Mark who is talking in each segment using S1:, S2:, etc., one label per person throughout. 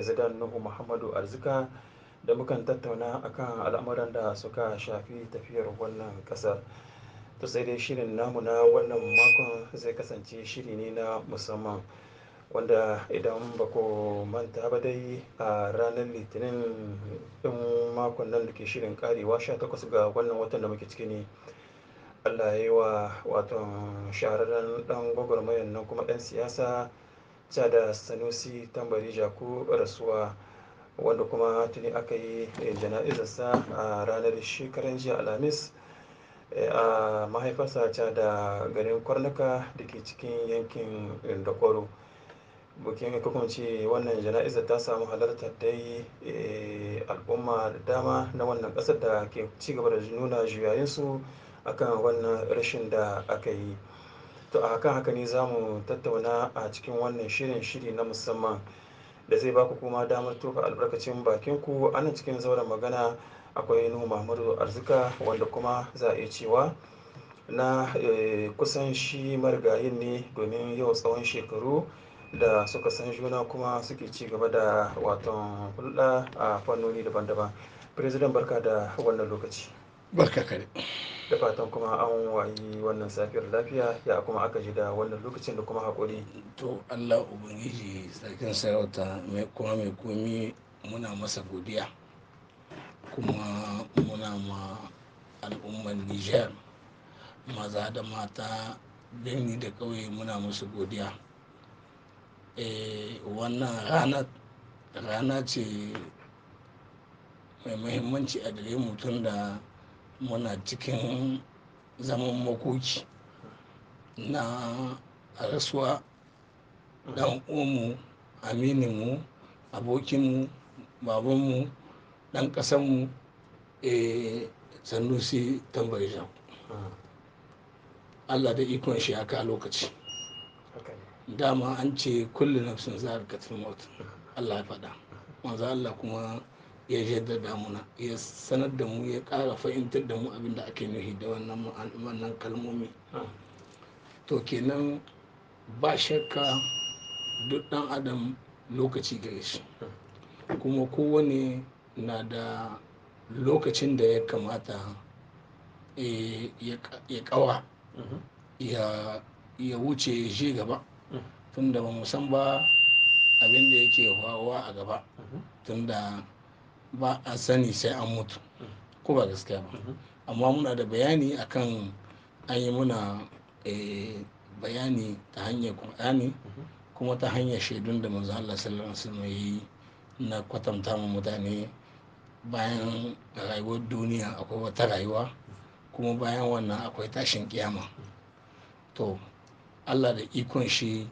S1: Zidan Nuhu Muhammadu Arzika da mukan tattauna akan al'amuran da suka shafi tafiyar wannan ƙasar. To sai dai shirin namu na wannan makon zai kasance shiri ne na musamman wanda idan ba ku manta ba dai a ranar Litinin ɗin makon nan da ke shirin sha 18 ga wannan watan da muke ciki ne. Allah ya yi wa watan shahararren ɗan gwagwarmayan nan kuma ɗan siyasa ca da sanusi tambari jaku rasuwa wanda kuma tuni aka yi eh, jana'izarsa a ranar shekaran jiya alhamis eh, a mahaifarsa ta da garin kwarnuka da ke cikin yankin dakwaro bukin hukunci wannan jana'iza ta samu halartar dai eh, al'umma da dama na wannan kasar da ke cigaba da nuna juyayensu akan wannan rashin da aka yi to a kan haka ne za mu tattauna a cikin wannan shirin shiri na musamman da zai baku kuma damar tofa albarkacin bakin ku ana cikin zauren magana akwai nuhu mahmudu arzika wanda kuma za a iya cewa na eh, kusan shi marigayin ne domin yau tsawon shekaru da suka san juna kuma suke ci gaba da waton hulɗa a fannoni daban-daban president barka da wannan lokaci barka kare da fatan kuma an wayi wannan safiyar lafiya ya kuma aka ji da wannan lokacin da kuma haƙuri to allah ubangiji sarkin
S2: sarauta mai kuma mai komi muna masa godiya kuma muna ma al'umman niger maza da mata birni da ƙauye muna musu godiya eh, wannan rana rana ce mai muhimmanci a gare mutum da muna cikin zaman makoki na rasuwa dan uwanmu mu abokinmu babanmu dan ƙasanmu eh, sanusi tambari allah da ikon shi aka lokaci dama an ce kullu nafsin za a allah ya faɗa manzo allah kuma ya jaddada damuna ya sanar da mu ya kara fahimtar da mu abin da ake nuhi da wannan kalmomi to kenan ba shakka duk dan adam lokaci gare shi kuma kowane na da lokacin da ya kamata eh, ya kawa ya wuce ya je gaba tunda ba mu san ba abin da yake hawa a gaba tunda ba a sani sai an mutu ko ba gaskiya ba mhm. amma muna da bayani akan an yi muna eh, bayani ta hanyar ƙur'ani mhm. kuma ta hanyar shaidun da manzo Allah sallallahu alaihi yi na kwatanta mu mutane bayan rayuwar duniya akwai wata rayuwa kuma bayan wannan akwai tashin kiyama to Allah da ikon shi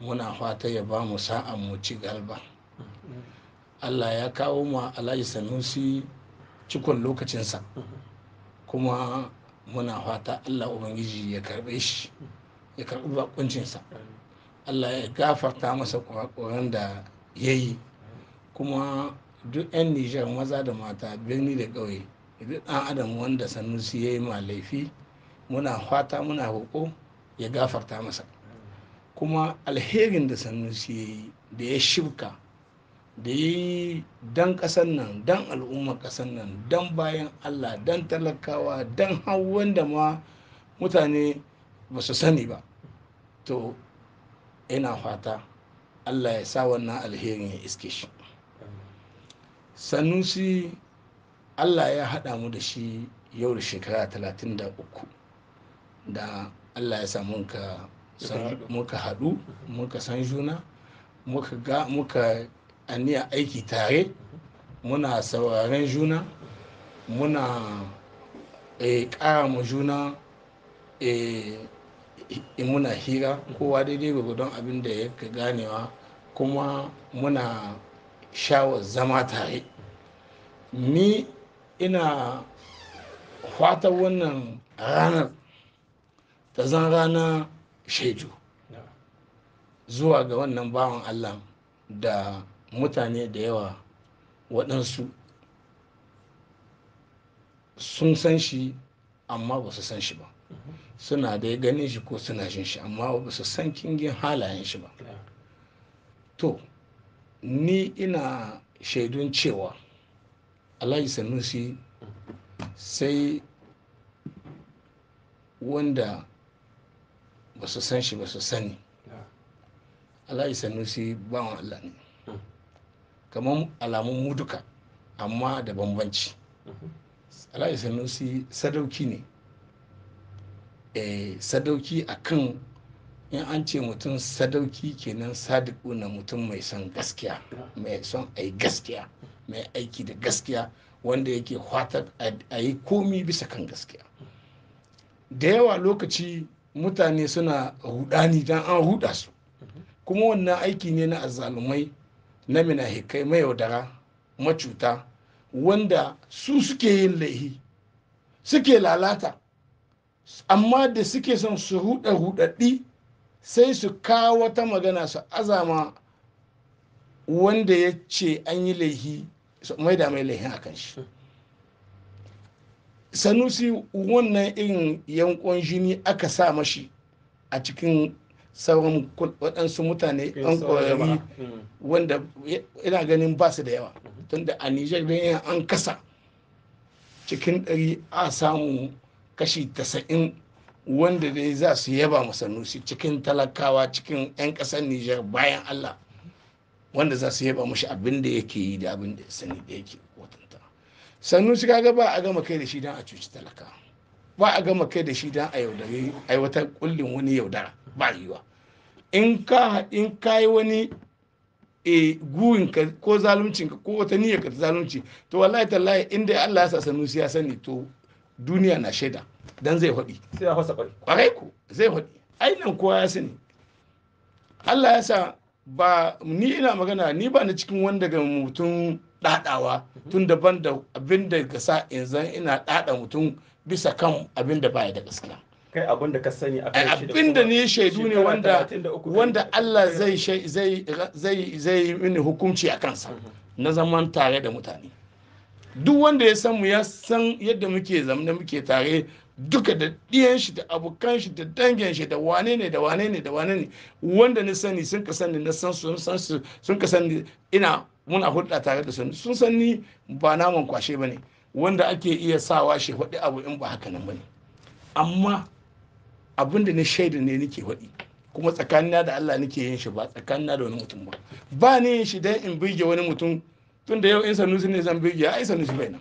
S2: muna fata ya ba mu sa'a mu ci galba mhm. allah ya kawo ma alhaji sanusi cikon lokacinsa kuma muna fata allah ubangiji ya karbe shi ya karbi bakuncinsa allah ya gafarta masa kwarakwaran da ya yi kuma duk 'yan nijar maza da mata birni da ƙauye duk ɗan adam wanda sanusi ya yi ma laifi muna fata muna roƙo ya gafarta masa kuma alherin da sanusi ya yi da ya shibka da yi dan ƙasar nan dan al'ummar ƙasar nan dan bayan allah dan talakawa dan hawan da ma mutane ba su sani ba to ina fata allah ya sa wannan alherin ya iske shi sanusi allah ya haɗa mu da shi yau da shekara 33 da allah ya sa
S1: muka
S2: haɗu muka san juna muka aniya aiki tare muna sauraren juna muna kara eh, mu juna eh, muna hira kowa daidai don abin da ya ganewa kuma muna shawar zama tare ni ina fatan wannan ranar ta zan rana shaidu zuwa ga wannan bawan allah da mutane da yawa waɗansu sun san shi amma ba su san shi ba suna dai ganin shi ko suna jin shi amma ba su san kingin halayen shi ba to ni ina shaidun cewa alhaji sanusi sai wanda ba su san shi ba su sani alhaji sanusi wa allah ne kamar alamun muduka amma da bambanci alayi sanusi sadauki ne eh, sadauki a kan in an ce mutum sadauki kenan sadiku na mutum mai son gaskiya mai son a gaskiya mai aiki da gaskiya wanda yake kwatar a yi komi bisa kan gaskiya da yawa lokaci mutane suna hudani dan an huda su kuma wannan aiki ne na azalumai na minahikai mayaudara macuta wanda su suke yin laihi suke lalata amma da suke son su ruɗa ruɗaɗɗi sai su kawo wata magana su azama wanda ya ce an yi laihi mai da mai a kan shi sanusi wannan irin yankon jini aka sa mashi a cikin sauran waɗansu mutane ɗan ƙwararri mm. wanda ina ganin ba su da yawa mm-hmm. tunda a nijar ɗin an kasa cikin ɗari a samu kashi tasa'in wanda dai za su yaba masanusi cikin talakawa cikin 'yan ƙasar nijar bayan allah wanda za su yaba mashi abin da yake yi da abin da sani da yake kwatanta sanusi kaga ba a gama kai da shi don a cuci talaka ba a gama kai da shi don a yaudare aiwatar kullum wani yaudara ba in ka in kayi wani e guwin ka ko zaluncin ka ko wata niyyar ka ta zalunci to wallahi tallahi inda Allah ya sa sanu ya sani to duniya na shaida dan zai faɗi sai ya kwarai ko zai faɗi ai nan kowa ya sani Allah ya sa ba ni ina magana ni ba na cikin wanda ga mutum ɗaɗawa tun daban da abin da ga sa in zan ina ɗaɗa mutum bisa kan abin da baya da gaskiya kai abin da ka sani a kai abin da ni shaidu ne wanda wanda Allah zai zai zai zai mini hukunci a kansa na zaman tare da mutane duk wanda ya san mu ya san yadda muke zamna muke tare duka da ɗiyan shi da abokan shi da dangin shi da wane ne da wane ne da wane ne wanda na sani sun ka sani na san sun san su sun ka sani ina muna hulɗa tare da sun sun san ni ba naman kwashe bane wanda ake iya sawa shi faɗi abu in ba haka nan bane amma abin da na shaida ne nake faɗi kuma tsakanina da Allah nake yin shi ba tsakanina da wani mutum ba ba ni yin shi dan in bige wani mutum tun da yau in sanusi ne zan bige ai sanusi bai nan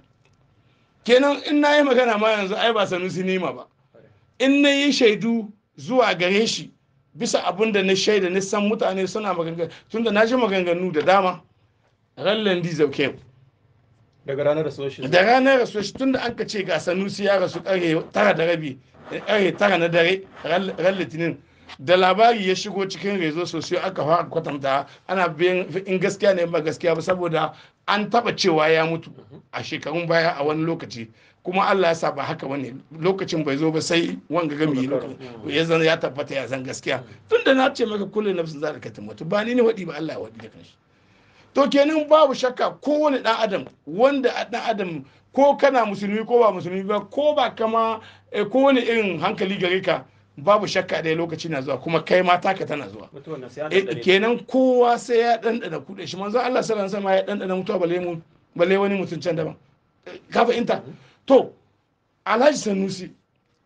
S2: kenan in na yi magana ma yanzu ai ba sanusi ne ma ba in na yi shaidu zuwa gare shi bisa abin da na shaida na san mutane suna maganganu tun da na ji maganganu da dama rallan di zauke
S1: daga ranar rasuwar
S2: shi da ranar rasuwar shi tun da an ka ce ga sanusi ya rasu kare tara da rabi ƙarfe eh, eh, tara na dare ran litinin da labari ya shigo cikin rezo sosai aka fara kwatanta ana bin in gaskiya ne ba gaskiya ba saboda an taba cewa ya mutu a shekarun baya a wani lokaci kuma Allah ya sa ba haka wani lokacin bai zo ba sai wanga gami ya zan ya tabbata ya zan gaskiya tunda na ce maka kullu nafsin za ka mutu ba ni ne wadi ba Allah ya wadi da kanshi to kenan babu shakka kowane dan adam wanda dan adam ko kana musulmi ko ba musulmi ba ko ba kama eh, ko wani irin hankali gare ka babu shakka ɗaya lokaci na zuwa kuma kai ma taka tana zuwa
S1: eh, kenan
S2: kowa sai ya ɗanɗana kuɗe shi manzo Allah sallallahu alaihi wasallam ya ɗanɗana mutuwa balle mu balle wani mutum can daban eh, ka fahimta mhm. to Alhaji Sanusi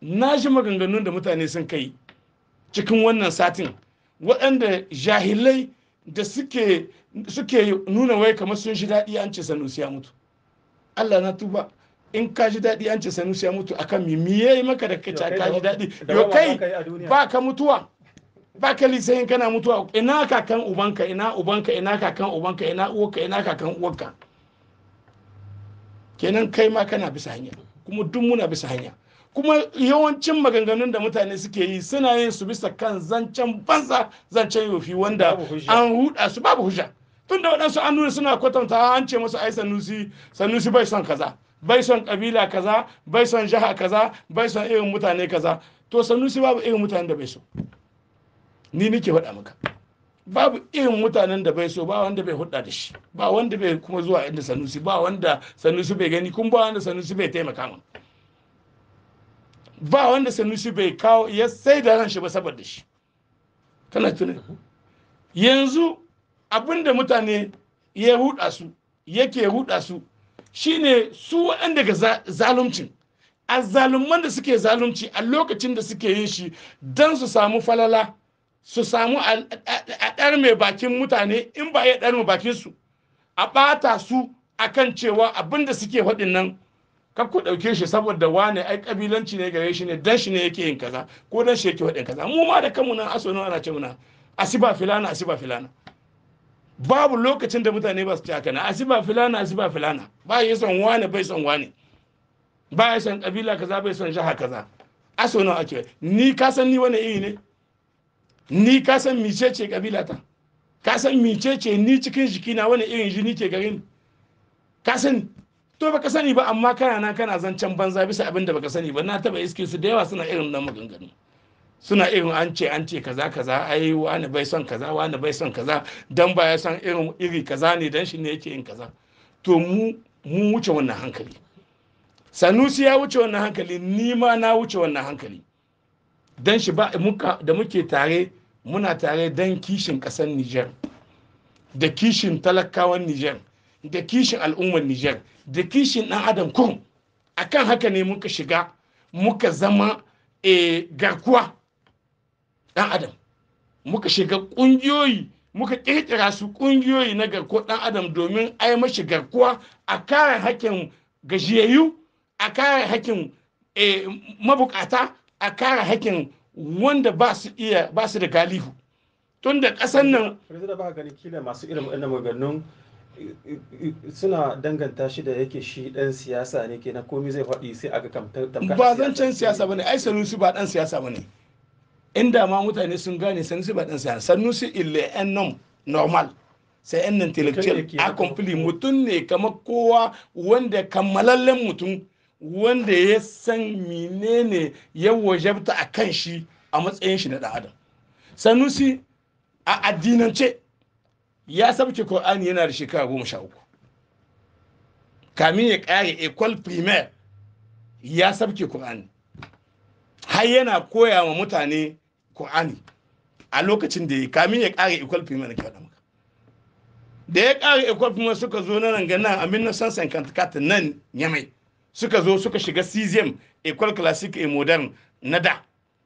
S2: na ji maganganun da mutane sun kai cikin wannan satin waɗanda jahilai da suke suke nuna wai kamar sun shi daɗi an ce Sanusi ya mutu Allah na tuba in ka ji daɗi an ce sanusi ya mutu akan mi me maka da kace ka ji daɗi yau kai ba ka mutuwa ba ka lisayin kana mutuwa ina kakan ubanka ina ubanka ina kakan ubanka ina uwarka ina kakan uwarka kenan kai ma kana bisa hanya kuma duk muna bisa hanya kuma yawancin maganganun da mutane suke yi suna yin su bisa kan zancen banza zancen yofi wanda an huda su babu hujja tunda waɗansu an nuna suna kwatanta ah, an ce musu ai sanusi sanusi bai son kaza bai son kabila kaza bai son jiha kaza bai son irin mutane kaza to sanusi babu irin mutanen da bai so ni nake faɗa maka babu irin mutanen da bai so ba wanda bai hudda da shi ba wanda bai kuma zuwa inda sanusi ba wanda sanusi bai gani kuma ba wanda sanusi bai taimaka min ba wanda sanusi bai kawo ya sai da ran shi ba saboda shi kana tuna yanzu abinda mutane ya ruɗa su yake ruɗa su shine su waɗanda ga zalumcin zalumman da suke zalunci a lokacin da suke yin shi don su samu falala su samu a ɗar mai bakin mutane in ba ya ɗar mai bakin su a ɓata su a kan cewa abinda suke faɗin nan kar ku ɗauke shi saboda wane ai kabilanci ne gare shi ne dan shi ne yake yin kaza ko dan shi yake faɗin kaza mu ma da kanmu nan aso ana ce muna asiba filana asiba filana babu lokacin da mutane ba su ci hakana a asiba filana asiba filana ba ya son wane bai son wane ba ya son kabila kaza bai son jaha kaza a so nawa ake ni ka san ni wani iri ne ni ka san mice ce kabila ta ka san mice ce ni cikin jiki na wani irin jini ke garin ka san to baka sani ba amma kana na kana zancen banza bisa abin da baka sani ba na taba iske su da yawa suna irin nan maganganu suna irin an ce an ce kaza kaza ai wani bai son kaza wani bai son kaza dan ba ya san irin iri kaza ne dan shi ne yake yin kaza to mu mu wuce wannan hankali sanusi ya wuce wannan hankali ni ma na wuce wannan hankali dan shi ba da muke tare muna tare dan kishin kasar Niger da kishin talakawan Niger da kishin al'ummar Niger da kishin dan adam kurum akan haka ne muka shiga muka zama e, garkuwa ɗan adam muka shiga ƙungiyoyi muka ƙirƙira su ƙungiyoyi na garko ɗan adam domin ai mashi garkuwa a kare hakkin gajiyayyu a kare hakkin eh, mabukata a kare hakkin wanda ba su iya ba su da galihu
S1: tun da ƙasar nan da ba ganin kila masu irin wannan maganganun suna danganta shi da yake shi dan siyasa ne kenan komai zai faɗi sai aka kamtar
S2: ba zancen siyasa bane ai sanusi ba dan siyasa bane inda ma mutane sun gane sanusi baɗin sa sannu sanusi ille en nom normal sai yan intellectual accompli mutum ne kamar kowa wanda kammalallen mutum wanda ya san menene ya wajabta a kan shi a matsayin shi na ɗan adam sanusi a addinance ya sabke Qur'ani yana da shekara goma sha uku kamin ya ƙare école primaire ya sabke kur'ani har yana koya ma mutane kur'ani a lokacin da ya kamin ya kare ikwal fi mana kyau da ya ƙare ikwal fi suka zo na nan ganan a kantakata nan yamai suka zo suka shiga cesium ikwal classic e modern na da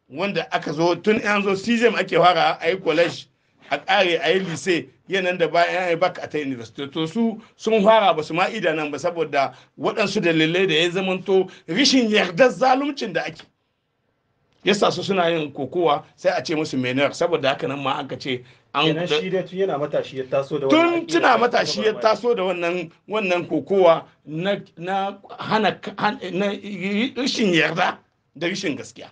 S2: wanda aka zo tun yan zo cesium ake fara a yi college a ƙare a yi lise yanan da bayan ya yi baka a ta university to su sun fara ba su ma nan ba saboda waɗansu dalilai da ya zamanto rishin yardar zaluncin da ake ya sa su suna yin kokowa sai a ce musu menor saboda haka nan ma ka ce an shi
S1: tun da tuna matashi ya
S2: taso da wannan wannan kokowa na hana na rishin yarda da rishin gaskiya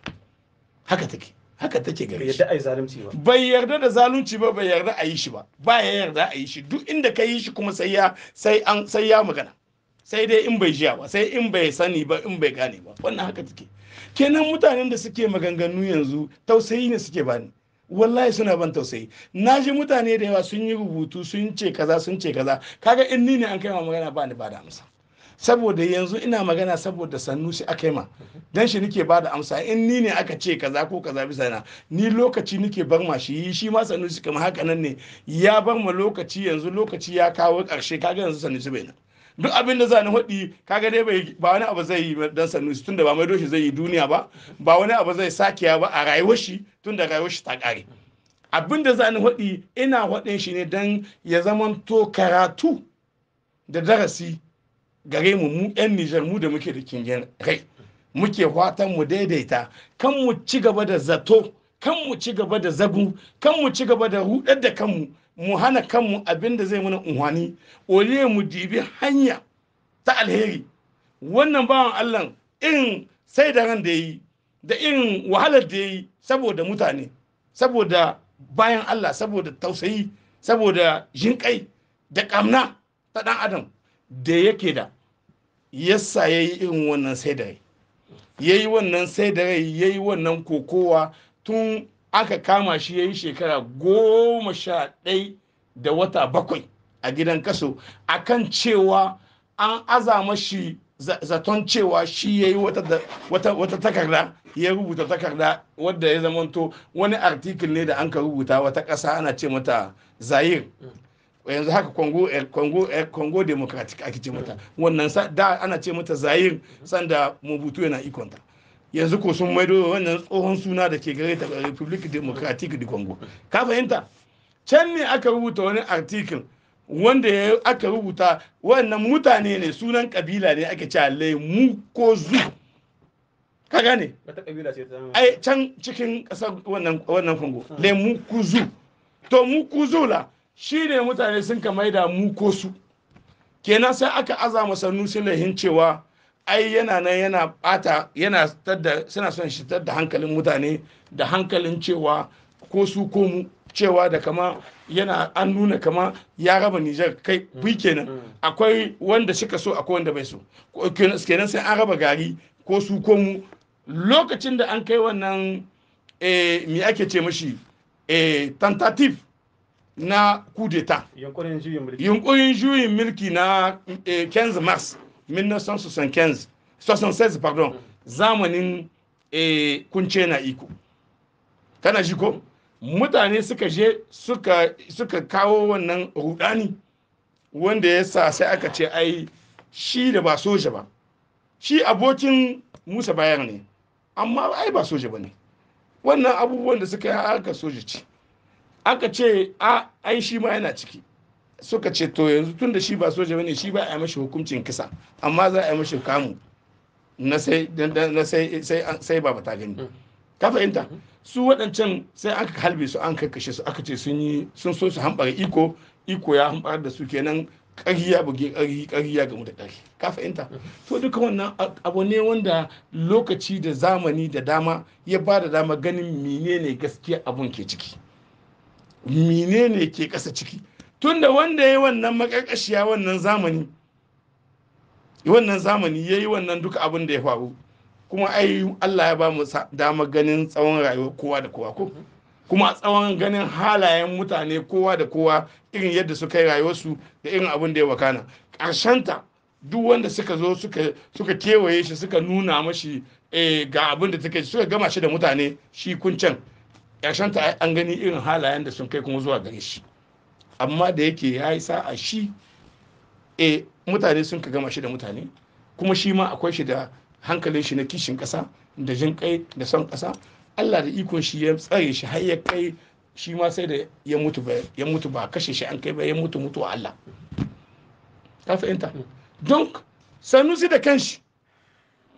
S2: haka take
S1: haka take gari yadda ai zalunci ba
S2: bai yarda da zalunci ba bai yarda a yi shi ba ba ya yarda a yi shi duk inda ka yi shi kuma sai ya sai an sai ya magana sai dai in bai jiya ba sai in bai sani ba in bai gane ba wannan haka take kenan mutanen da suke maganganu yanzu tausayi ne suke bani wallahi suna ban tausayi na ji mutane da yawa sun yi rubutu sun ce kaza sun ce kaza kaga in ni ne an kai ma magana ba ni ba da amsa saboda yanzu ina magana saboda sannu shi aka ma dan shi nike ba amsa in ni ne aka ce kaza ko kaza bisa na ni lokaci nike bar ma shi shi ma sannu shi kamar haka nan ne ya bar ma lokaci yanzu lokaci ya kawo karshe kaga yanzu sannu shi bai nan duk abin da za ni kaga dai bai ba wani abu zai yi dan sanusi tunda ba mai doshi zai yi duniya ba ba wani abu zai ya ba a rayuwar shi tunda rayuwar shi ta kare. abin da za ni ina hudin shi ne dan ya zamanto karatu da darasi gare mu mu 'yan Nijar mu da muke da kingin rai muke fatan mu daidaita kan mu ci gaba da zato kan mu ci gaba da zabu kan mu ci gaba da rudar da kanmu mu hana kanmu abin da zai mana unhwani oliye mu dibi hanya ta alheri wannan bawan allah irin sai da ran da yi da irin wahalar da yi saboda mutane saboda bayan allah saboda tausayi saboda jinƙai da ƙamna ta ɗan adam da yake da yasa ya yi irin wannan sai da rai ya yi wannan sai da rai ya yi wannan kokowa tun aka kama shi ya yi shekara goma sha ɗai da wata bakwai a gidan kaso akan cewa an azama shi zaton cewa shi ya yi wata takarda ya rubuta takarda wadda ya zamanto wani artikul ne da an ka rubuta wata ƙasa ana ce mata zayir yanzu haka eh, eh, congo democratic ake ce mata wannan da ana ce mata zayir sanda mabutu yana ikonta yanzu ko sun maido wannan tsohon suna da ke gare ta republic democratic di congo ka fahimta can ne aka rubuta wani article wanda ya aka rubuta wannan mutane ne sunan kabila ne ake cewa mu ko zu ka gane ai can cikin kasar wannan wannan congo mu ku zu to mu ku zu la shine mutane sun ka maida mu ko su kenan sai aka azama sannu sun lahin cewa ai yana nan yana bata yana tadda suna son shi da hankalin mutane da hankalin cewa ko su ko mu cewa da kama yana an nuna kama ya raba Nijar kai mm. bi kenan mm. akwai wanda suka so akwai wanda bai so kenan sai an raba gari ko su ko mu lokacin da an kai wannan eh, me ake ce mashi eh, tentative na kudeta yunkurin juyin mulki na eh, mars 1975 pardon zamanin e, kunce na iko kana shi ko mutane suka je suka, suka kawo wannan rudani wanda ya sa sai aka ce ai shi da ba soja ba shi abokin musa bayan ne amma ai ba soja ba ne wannan abubuwan da suka yi aka soja ce aka ce a ai shi ma yana ciki suka ce to yanzu tun da shi ba soja bane shi ba a mashi hukuncin kisa amma za a yi mashi kamu na sai na sai sai sai ba ta gani mm. ka fahimta mm-hmm. su waɗancan sai aka halbe su an karkashe su aka ce sun yi sun so su hambara iko iko ya hanbar da su kenan ƙarya buge ƙarya ƙarya ga da ka fahimta mm-hmm. to duka wannan abu ne wanda lokaci da zamani da dama ya ba da dama ganin menene gaskiya abun ke ciki menene ke ƙasa ciki tunda wanda ya yi wannan makarkashiya wannan zamani wannan zamani ya yi wannan duka abin da ya faru kuma ai Allah ya ba mu dama ganin tsawon rayuwar kowa da kowa ko kuma a tsawon ganin halayen mutane kowa da kowa irin yadda suka yi rayuwarsu da irin abin da ya wakana ta duk wanda suka zo suka kewaye shi suka nuna mashi eh, ga abin da take suka gama shi da mutane shi kuncen ta an gani irin halayen da sun kai kuma zuwa gare shi amma da yake ya yi sa'a shi e mutane sun ka gama shi da mutane kuma shi ma akwai shi da hankalin shi na kishin ƙasa da jin kai da son ƙasa allah da ikon shi ya tsare shi har ya kai shi ma sai da ya mutu ba ya mutu ba kashe shi an kai ba ya mutu mutu allah ka fahimta don sanusi da kanshi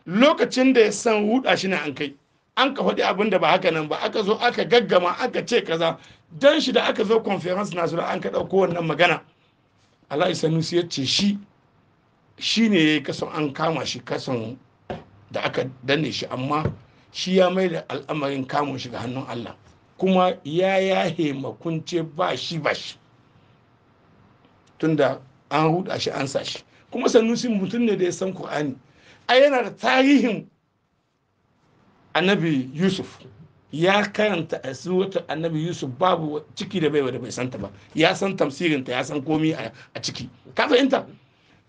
S2: lokacin da ya san huda shi na an kai an ka faɗi abin da ba haka nan ba aka zo aka gaggama aka ce kaza dan shi da aka zo conference national an ka ɗauko wannan magana alhaji sanusi ya ce shi shi ne ya yi kasan an kama shi kasan da aka danne shi amma shi ya mai da al'amarin kamun shi ga hannun allah kuma ya yahe makunce ba shi ba shi tunda an ruda shi an sa shi kuma sanusi mutum ne da ya san kur'ani a yana da tarihin annabi yusuf ya karanta a suwata annabi yusuf babu ciki da baiwa da bai santa ba ya san tamsirinta ya san komi a ciki ka fahimta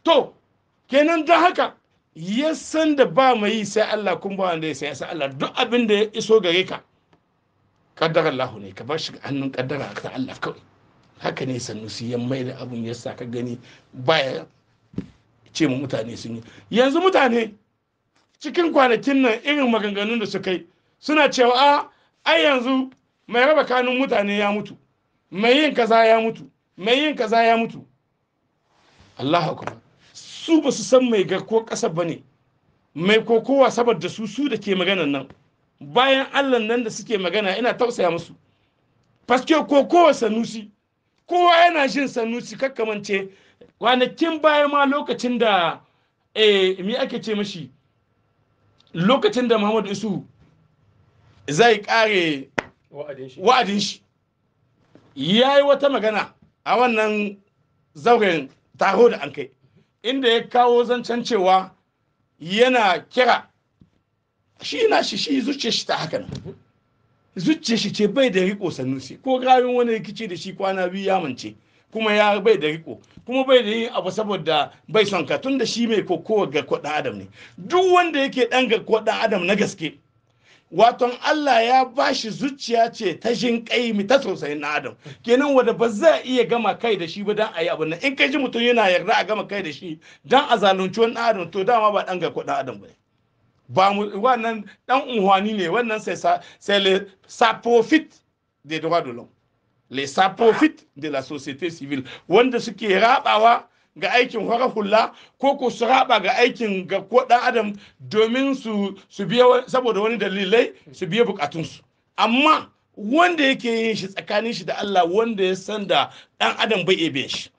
S2: to kenan don haka ya san da ba mai yi sai Allah kun ba wanda ya sai sai Allah duk abin da ya iso gare ka kaddara Allah ne ka bar shi hannun kaddara ta Allah kawai haka ne sanusi ya mai da abun ya sa ka gani baya ce mu mutane sun yi yanzu mutane cikin kwanakin nan irin maganganun da suka yi suna cewa a ah, ai yanzu mai raba kanun mutane ya mutu mai yin kaza ya mutu mai yin kaza ya mutu Allah su ba su san mai garko ƙasa ba ne mai kokowa saboda su su da ke maganan nan bayan allah nan da suke magana ina tausaya musu paske kokowa sanusi kowa yana jin sanusi kakkamance kwanakin bayan ma lokacin da eh, mi ake ce mashi lokacin da muhammadu isu zai kare wa'adin shi ya yi wata magana a wannan zauren taro da an kai inda ya kawo zancen cewa yana kira shi na shi shi zuciya shi ta haka nan zuciya shi ce bai da riko sanusi ko rayuwar wani rikici da shi kwana biyu ya mance kuma ya bai da riko kuma bai da yin abu saboda bai son ka tun da shi mai kokowa ga kwaɗa adam ne duk wanda yake ɗan ga kwaɗa adam na gaske waton Allah ya bashi zuciya ce ta jin ƙa'imi ta sosai na adam kenan wanda ba za iya gama kai da shi ba dan yi abin nan in kai ji mutum yana yarda a gama kai da shi dan a zalunci wani adam to dama ba ɗan ga kuɗa adam ba ba mu wannan dan unhwani ne wannan sai sai le sa profit droit de l'homme les sa de la société civile wanda suke rabawa ga aikin harafulla ko ko ku ga aikin ga ko dan adam domin su su biya saboda wani dalilai su biya su amma wanda yake yin shi tsakanin shi da Allah wanda ya san da dan adam bai iya shi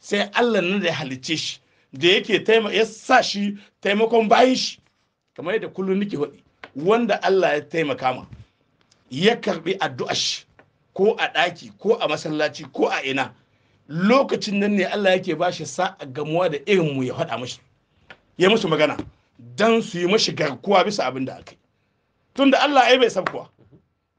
S2: sai Allah ne da ya halicce shi da yake ya sa shi taimakon bayan shi kamar yadda kullum nake faɗi wanda Allah ya taimaka ma ya karbi addu'ar shi ko a ɗaki ko a masallaci ko a ina lokacin nan ne Allah yake ba shi sa'a gamuwa da irin mu ya faɗa mashi ya musu magana dan su yi mashi garkuwa bisa abin da aka yi da Allah ai bai sabkuwa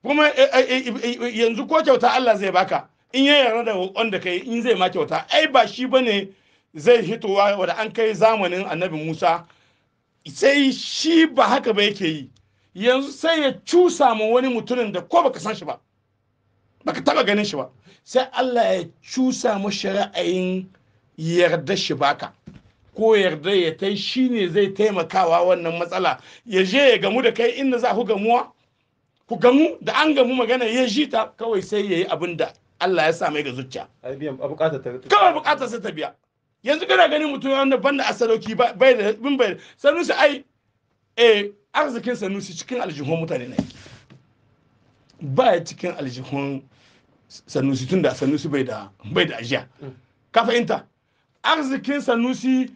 S2: kuma eh, eh, eh, yanzu ko kyauta Allah zai baka in ya yarda da wanda da kai in zai ma kyauta ai ba shi bane zai hitowa wanda an kai zamanin annabi Musa sai shi ba haka ba yake yi yanzu sai ya cusa ma wani mutumin da ko baka san shi ba baka taba ganin shi ba sai Allah ya cusa mu shari'ayin yarda shi baka ko yarda ya tai shine zai taimakawa wannan matsala ya je ya gamu da kai inda za ku gamuwa ku gamu da an gamu magana ya ji ta kawai sai ya yi abin da Allah ya sa mai ga zuciya kawai bukatar sai ta biya yanzu kana ganin mutum wanda ban a sadauki bai da bin bai sanusi ai eh arzikin sanusi cikin aljihun mutane ne ba cikin aljihun sanusi tun da sanusi bai da ajiya ka fahimta arzikin sanusi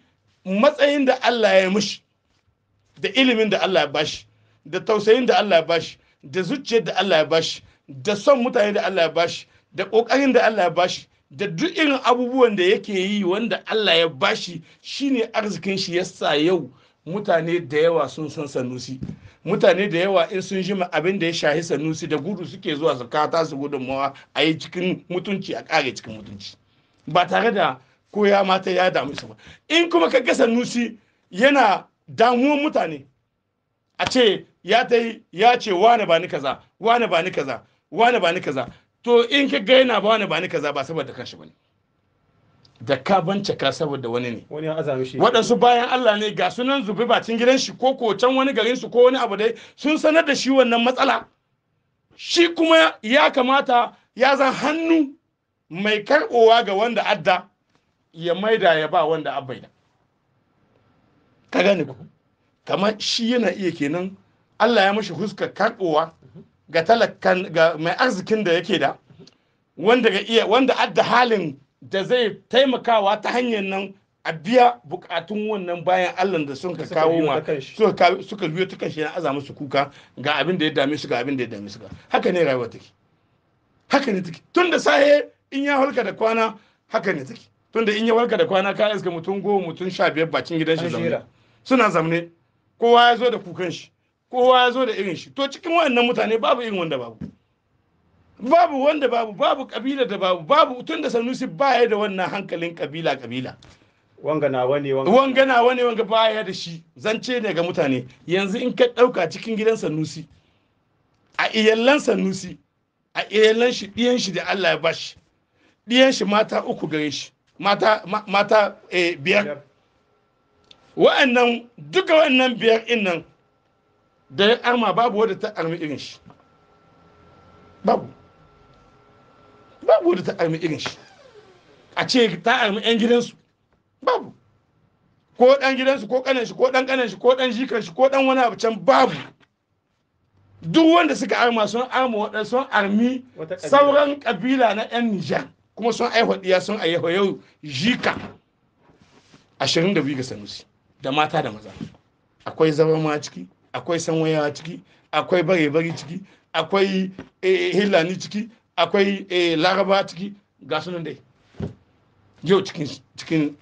S2: matsayin da Allah ya mushi da ilimin da Allah ya bashi da tausayin da Allah ya bashi da zuciyar da Allah ya bashi da son mutane da Allah ya bashi da ƙoƙarin da Allah ya bashi da duk irin abubuwan da yake yi wanda Allah ya bashi shine arzikin shi yasa yau mutane da yawa sun san sanusi mutane da yawa in sun jima abin da ya shahi sanusi da gudu suke zuwa su kata su gudunmawa a yi cikin mutunci a kare cikin mutunci ba tare da ko ya mata ya damu su ba in kuma ka ga sanusi yana damuwan mutane a ce ya ta yi ya ce wane ba ni kaza wane ba ni kaza wane ba ni kaza to in ka ga yana ba wane ba ni kaza ba saboda kanshi ba ne da ka bancaka saboda wani ne waɗansu bayan Allah ne ga sunan zubi bacin gidan shi ko ko can wani garin su ko wani abu dai sun sanar da shi wannan matsala shi kuma ya kamata ya zan hannu mai karɓowa ga wanda adda ya maida ya ba wanda abaida ka gani ku kamar shi yana iya kenan Allah ya mashi huskar karɓowa ga mai arzikin da yake da wanda adda halin da zai taimakawa ta hanyar nan a biya bukatun wannan bayan allah da sun ka kawo ma suka biyo ta kanshi na aza musu kuka ga abin da ya dame su ga abin da ya dame su ga haka ne rayuwa take haka ne take tun da sahe in ya halka da kwana haka ne take tun da in ya halka da kwana ka iska mutum goma mutum sha biyar bakin gidan shi zamne suna zamne kowa ya zo da kukan shi kowa ya zo da irin shi to cikin waɗannan mutane babu irin wanda babu babu wanda babu babu kabila da babu babu tun da sanusi baya da wannan hankalin kabila kabila
S1: wanga na wani
S2: wanga wanga baya da shi zance ne ga mutane yanzu in ka dauka cikin gidan sanusi a iyallan sanusi a iyallan shi diyan shi da Allah ya bashi diyan shi mata uku gare shi mata mata eh, biyar wa'annan duka wa'annan biyar din nan da ya arma babu wadda ta armi irin shi babu babu wanda ta armi irin shi a ce ta armi 'yan gidansu babu ko dan gidansu ko kanan shi ko dan kanan shi ko dan jikan shi ko dan wani abu can babu duk wanda suka arma sun arma waɗansu sun armi sauran kabila na 'yan Nijar kuma sun aihuwa diya sun aihuwa yau jika 22 ga Sanusi da mata da maza akwai zama ma ciki akwai sanwayawa ciki akwai bare-bare ciki akwai eh, eh, hillani ciki akwai eh, laraba ciki ga sunan dai yau cikin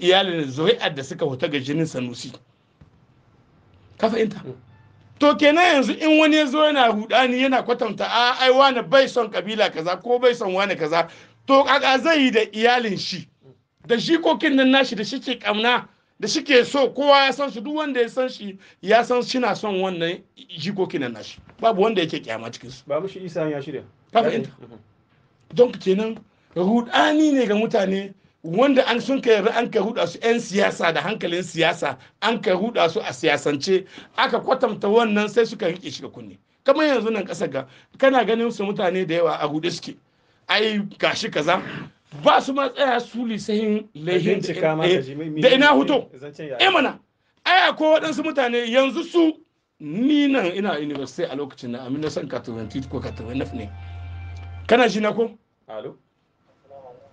S2: iyalin zuri'ar da suka wuta ga jinin sanusi ka fahimta mm. to kenan yanzu in wani ya zo yana rudani yana kwatanta a ah, ai wani bai son kabila kaza ko bai son wani kaza to kaka zai yi da iyalin shi da shi kokin nan nashi da shi ke kamna da shike so kowa ya san su duk wanda ya san shi ya san shi son wannan jikoki na nashi babu wanda yake kyama cikin su babu shi isa ya shirya ka fahimta don kenan rudani ne ga mutane wanda an sun kai an ka ruda su 'yan siyasa da hankalin siyasa an ka ruda su a siyasance aka kwatanta wannan sai suka rike shi ga kunne kamar yanzu nan ƙasa ga kana ganin su mutane da yawa a rude suke ai gashi kaza ba su ma tsaya su lisahin laihin da ina hoto imana aya ko waɗansu mutane yanzu su ni nan ina university a lokacin na amina san katuranti ko katuranaf ne
S1: kana shi na ko alo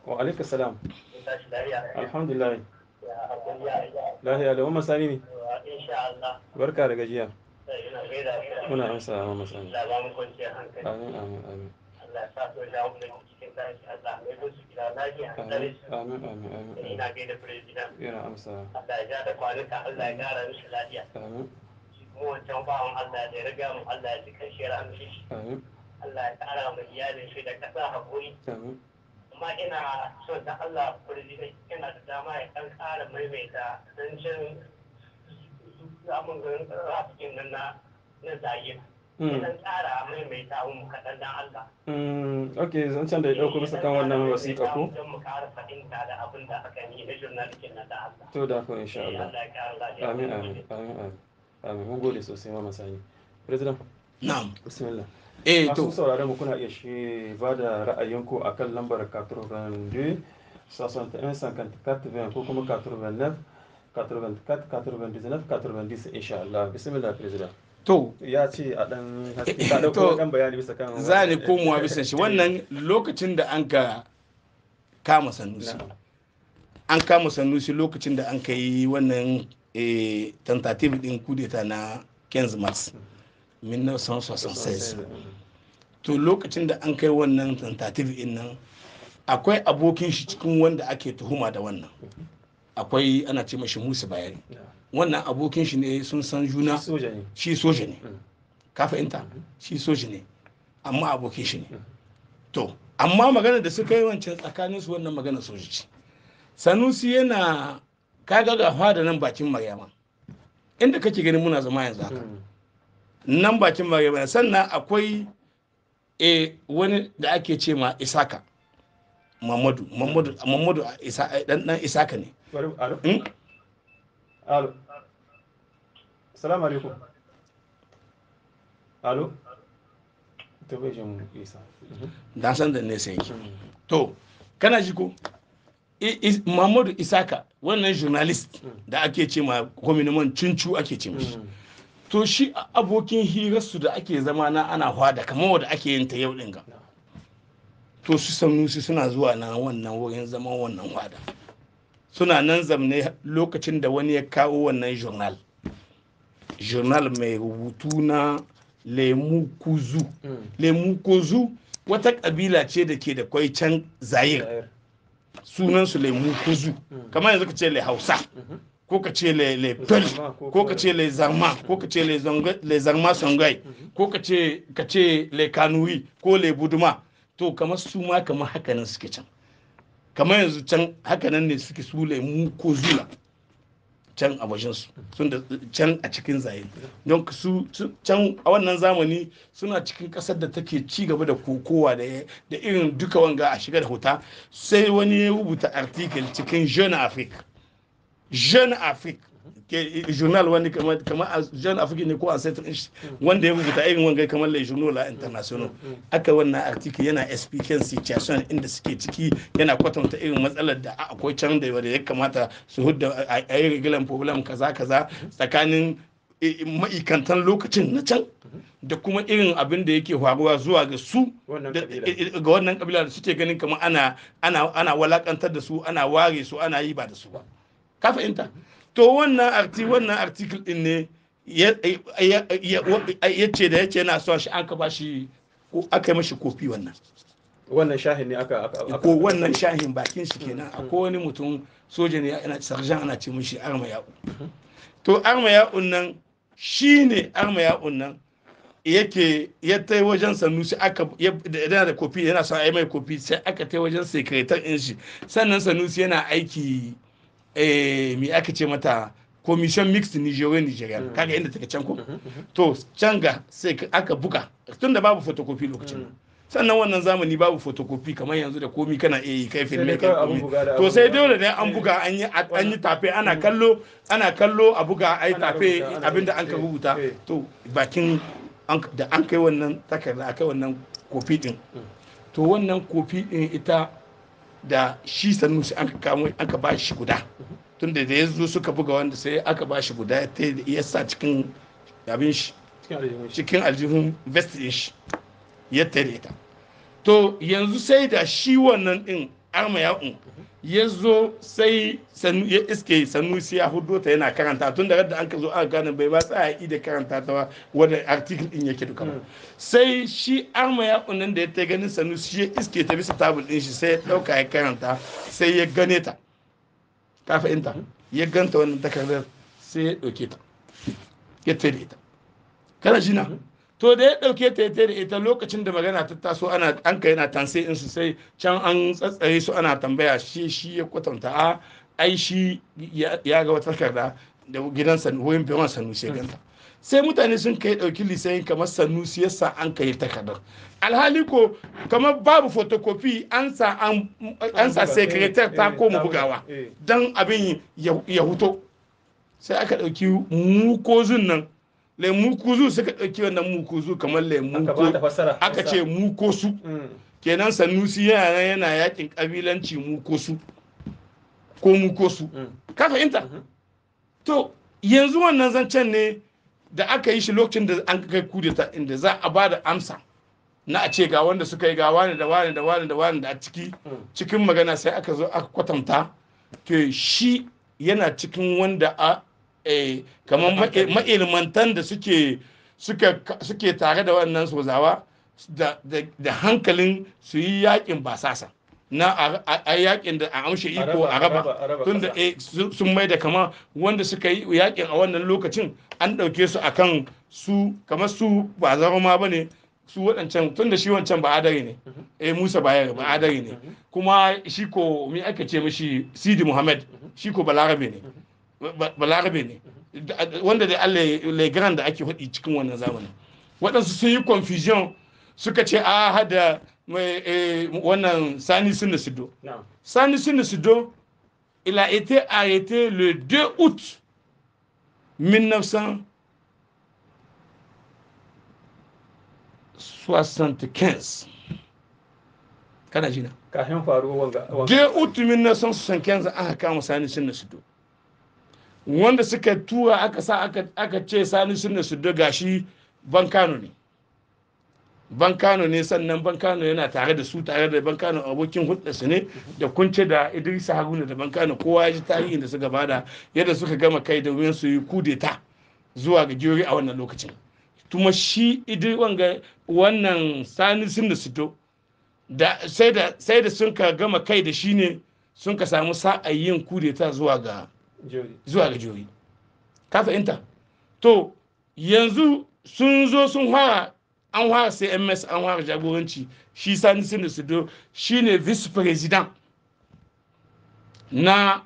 S1: wa alaikum salam alhamdulillah lahiya da wamma sani ne barka da gajiya
S3: muna amsa wa masani amin amin amin Allah sa so cikin tashi Allah mai musu gida lafiya a tsare su amin
S1: amin
S3: Allah ya kwanuka Allah ya lafiya
S1: mu
S3: wancan Allah da ya riga mu Allah ya ji shi Allah ya iyalin shi da kasa a amin amma ina so da Allah president yana da dama ya kan kara maimaita zancen zamun garin rafikin nan
S4: na na ya hmm. tsara mai mai mu
S1: hmm, ok zancen da ya ɗauko bisa kan wannan wasiƙa ko? to da ko insha Allah. amin amin amin amin amin mun gode sosai ma masani. president. na'am. bismillah. eh to. masu sauraron kuna iya shi ba da ra'ayinku akan lambar 82 61 ko kuma 84 90 insha Allah bismillah president to ya ce a dan haske ta dan bayani bisa kan za ni komowa bisa shi eh. wannan
S2: lokacin da an ka kama sanusi an kama sanusi lokacin da an kai wannan eh, tentative din kudeta na kenz mars 1976 to lokacin da an kai wannan tentative din nan akwai abokin shi cikin wanda ake tuhuma da wannan akwai ana ce mashi musu bayani wannan abokin shi ne sun san juna shi soja ne mm. ka fahimta mm. shi soja ne amma abokin shi ne mm. to amma magana da suka yi wancan tsakanin su wannan magana soja ce sanusi yana kaga gafa da nan bakin maryama inda kake ganin muna zama yanzu haka nan bakin maryama sannan akwai e wani da ake ce ma isaka mamadu mamadu mamadu eh, dan isaka ne
S1: hmm? alo salamu alaikum alo ta bai jin isa dan
S2: mhm. san da nesa yake mhm. to kana ji ko Muhammadu Isaka wannan journalist mhm. da ake ce ma hominiman cincu ake ce to shi abokin hirarsu da ake zama na ana hwada kamar wadda ake yin ta yau ɗin ga to su sanusi suna zuwa na wannan wurin zaman wannan hwada suna nan zamne lokacin da wani ya kawo wannan journal journal mai rubutu na lemu kuzu mm. lemu kuzu wata kabila ce da ke da kwai can zayir sunansu lemu kuzu mm. kamar yanzu ka ce le hausa mm-hmm. ko ka ce le pel ko ka ce le zarma mm-hmm. ko ka ce le zarma songai ko ka ce le kanuri ko le buduma to kamar su ma kamar hakanan suke can kamar yanzu can hakanan ne suke su lemu ko zula can a su sun da can a cikin zayin don su can a wannan zamani suna cikin kasar da take ci gaba da kokowa da irin duka wanga a shiga da hota sai wani ya rubuta artikel cikin jeune afrique jeune afrique ke journal wani kamar a jan afrique ne ko a ancêtre mm. wanda ya rubuta irin wanga kamar le journal la international mm. mm. aka wannan article yana explicating situation inda suke ciki yana kwatanta irin matsalar da akwai can da ya kamata su hudda a yi gilan problem kaza kaza tsakanin ma'aikantan lokacin na can mm-hmm. da kuma irin abin da yake faruwa zuwa ga su ga wannan kabila da suke ganin kamar ana ana ana walakantar da su ana ware su ana yi ba da su ba ka fahimta mm-hmm. to wannan arti wannan article din ne ya ce da ya ce na son shi an ka ba shi aka yi mashi kofi wannan wannan shahin ne aka ko wannan shahin bakin shi kenan akwai wani mutum soja ne yana sarjan ana ce mishi arma ya'u to arma ya'un nan shine arma ya'un nan yake ya tai wajen sanusi aka yana da kofi yana son a yi mai kofi sai aka tai wajen sekretar din shi sannan sanusi yana aiki Eh, me aka ce mata commission mixed nigeria nigeria mm. kaga inda take can ko mm-hmm, mm-hmm. to can ga sai aka buga da babu photocopy lokacin mm. sannan wannan zamani babu photocopy kamar yanzu da komi kana iya yi kai filme kai komi to sai dole ne an buga eh, an yi an yi tafe ana mm. kallo ana kallo a buga ai tafe abinda an ka eh, rubuta to bakin da an kai wannan takarda akai wannan kofi din to wannan kofi din ita da shi sanusi aka kamo aka ba shi guda tunda da ya zo suka buga wanda sai aka ba shi guda ya sa cikin abin shi cikin aljihun vest shi ya tare ta to yanzu sai da shi wannan din arma ya'un ya zo sai ya iske sanusi ya hudu ta yana karanta tun da an ka zo a gane bai ba tsaya ida karanta ta ba wadda article din yake duka ba hmm. sai shi arma ya unan da ya ta ganin sanusi ya iske ta bisa tabul din shi sai ya dauka ya karanta sai ya gane ta ka fahimta hmm. ya ganta wannan takardar sai ya dauke ta ya tare ta kana shi na hmm. to da ya ɗauke ta ya da ita lokacin da magana ta taso ana an ka yana tansai in su sai can an tsatsaye su ana tambaya shi shi ya kwatanta a ah, ai shi ya ga wata karda da gidan wurin bayan sanu ya ganta sai mutane sun kai ɗauki lisayin kamar sanusi yasa an kai takardar alhali ko kamar babu fotokofi an sa an sa ta eh, eh, koma bugawa eh. don abin ya huto sai aka ɗauki mukozin nan lemu kuzu suka ɗauki wannan mu kuzu kamar lemu aka ce
S4: mu ko su mm.
S2: kenan sanusi yana yana yakin kabilanci mu ko su ko mu ko su mm. ka fahimta mm-hmm. to yanzu wannan zancen ne da aka yi shi lokacin da an kai kudeta inda za a ba da amsa na a ce ga wanda suka yi ga wani da wani da wani da wani da a ciki mm. cikin magana sai aka zo aka kwatanta to shi yana cikin wanda a eh kamar ma'ilmantan da suke suke tare da wannan sozawa da hankalin su yi yakin basasa na a yakin da a amshe iko a raba tun da eh, sun mai da kama wanda suka yi yakin a wannan lokacin an ɗauke su akan su kamar su ba ma ba ne su waɗancan tun da shi wancan ba adari ne mhm. eh musa bayar ba adari ne mhm. kuma shi ko me aka ce mashi sidi muhammad mhm. shi ko balarabe ne balarabe ne wanda dai le grand da ake cikin wannan zamanin yi confusion suka ce a ah, hada eh, wannan sani sido sani il a été arrêté le 2 août 1975 kana août 1975 aka kama wanda suka tura aka sa aka ce sani suna su daga shi bankano ne bankano ne sannan bankano yana tare da su tare da bankano abokin hulɗarsu ne da kunce da idrisa haruna da bankano kowa ya ji tarihin da suka bada yadda suka gama kai da wuyan su yi kudeta zuwa ga gyori a wannan lokacin kuma shi idir wanga wannan sani sun da sito da sai da sun ka gama kai da shi ne sun ka samu sa'ayin kudeta zuwa ga zuwa ga jori ka fahimta to yanzu sun zo sun fara an fara sai an fara jagoranci shi sani su do shi ne vice president na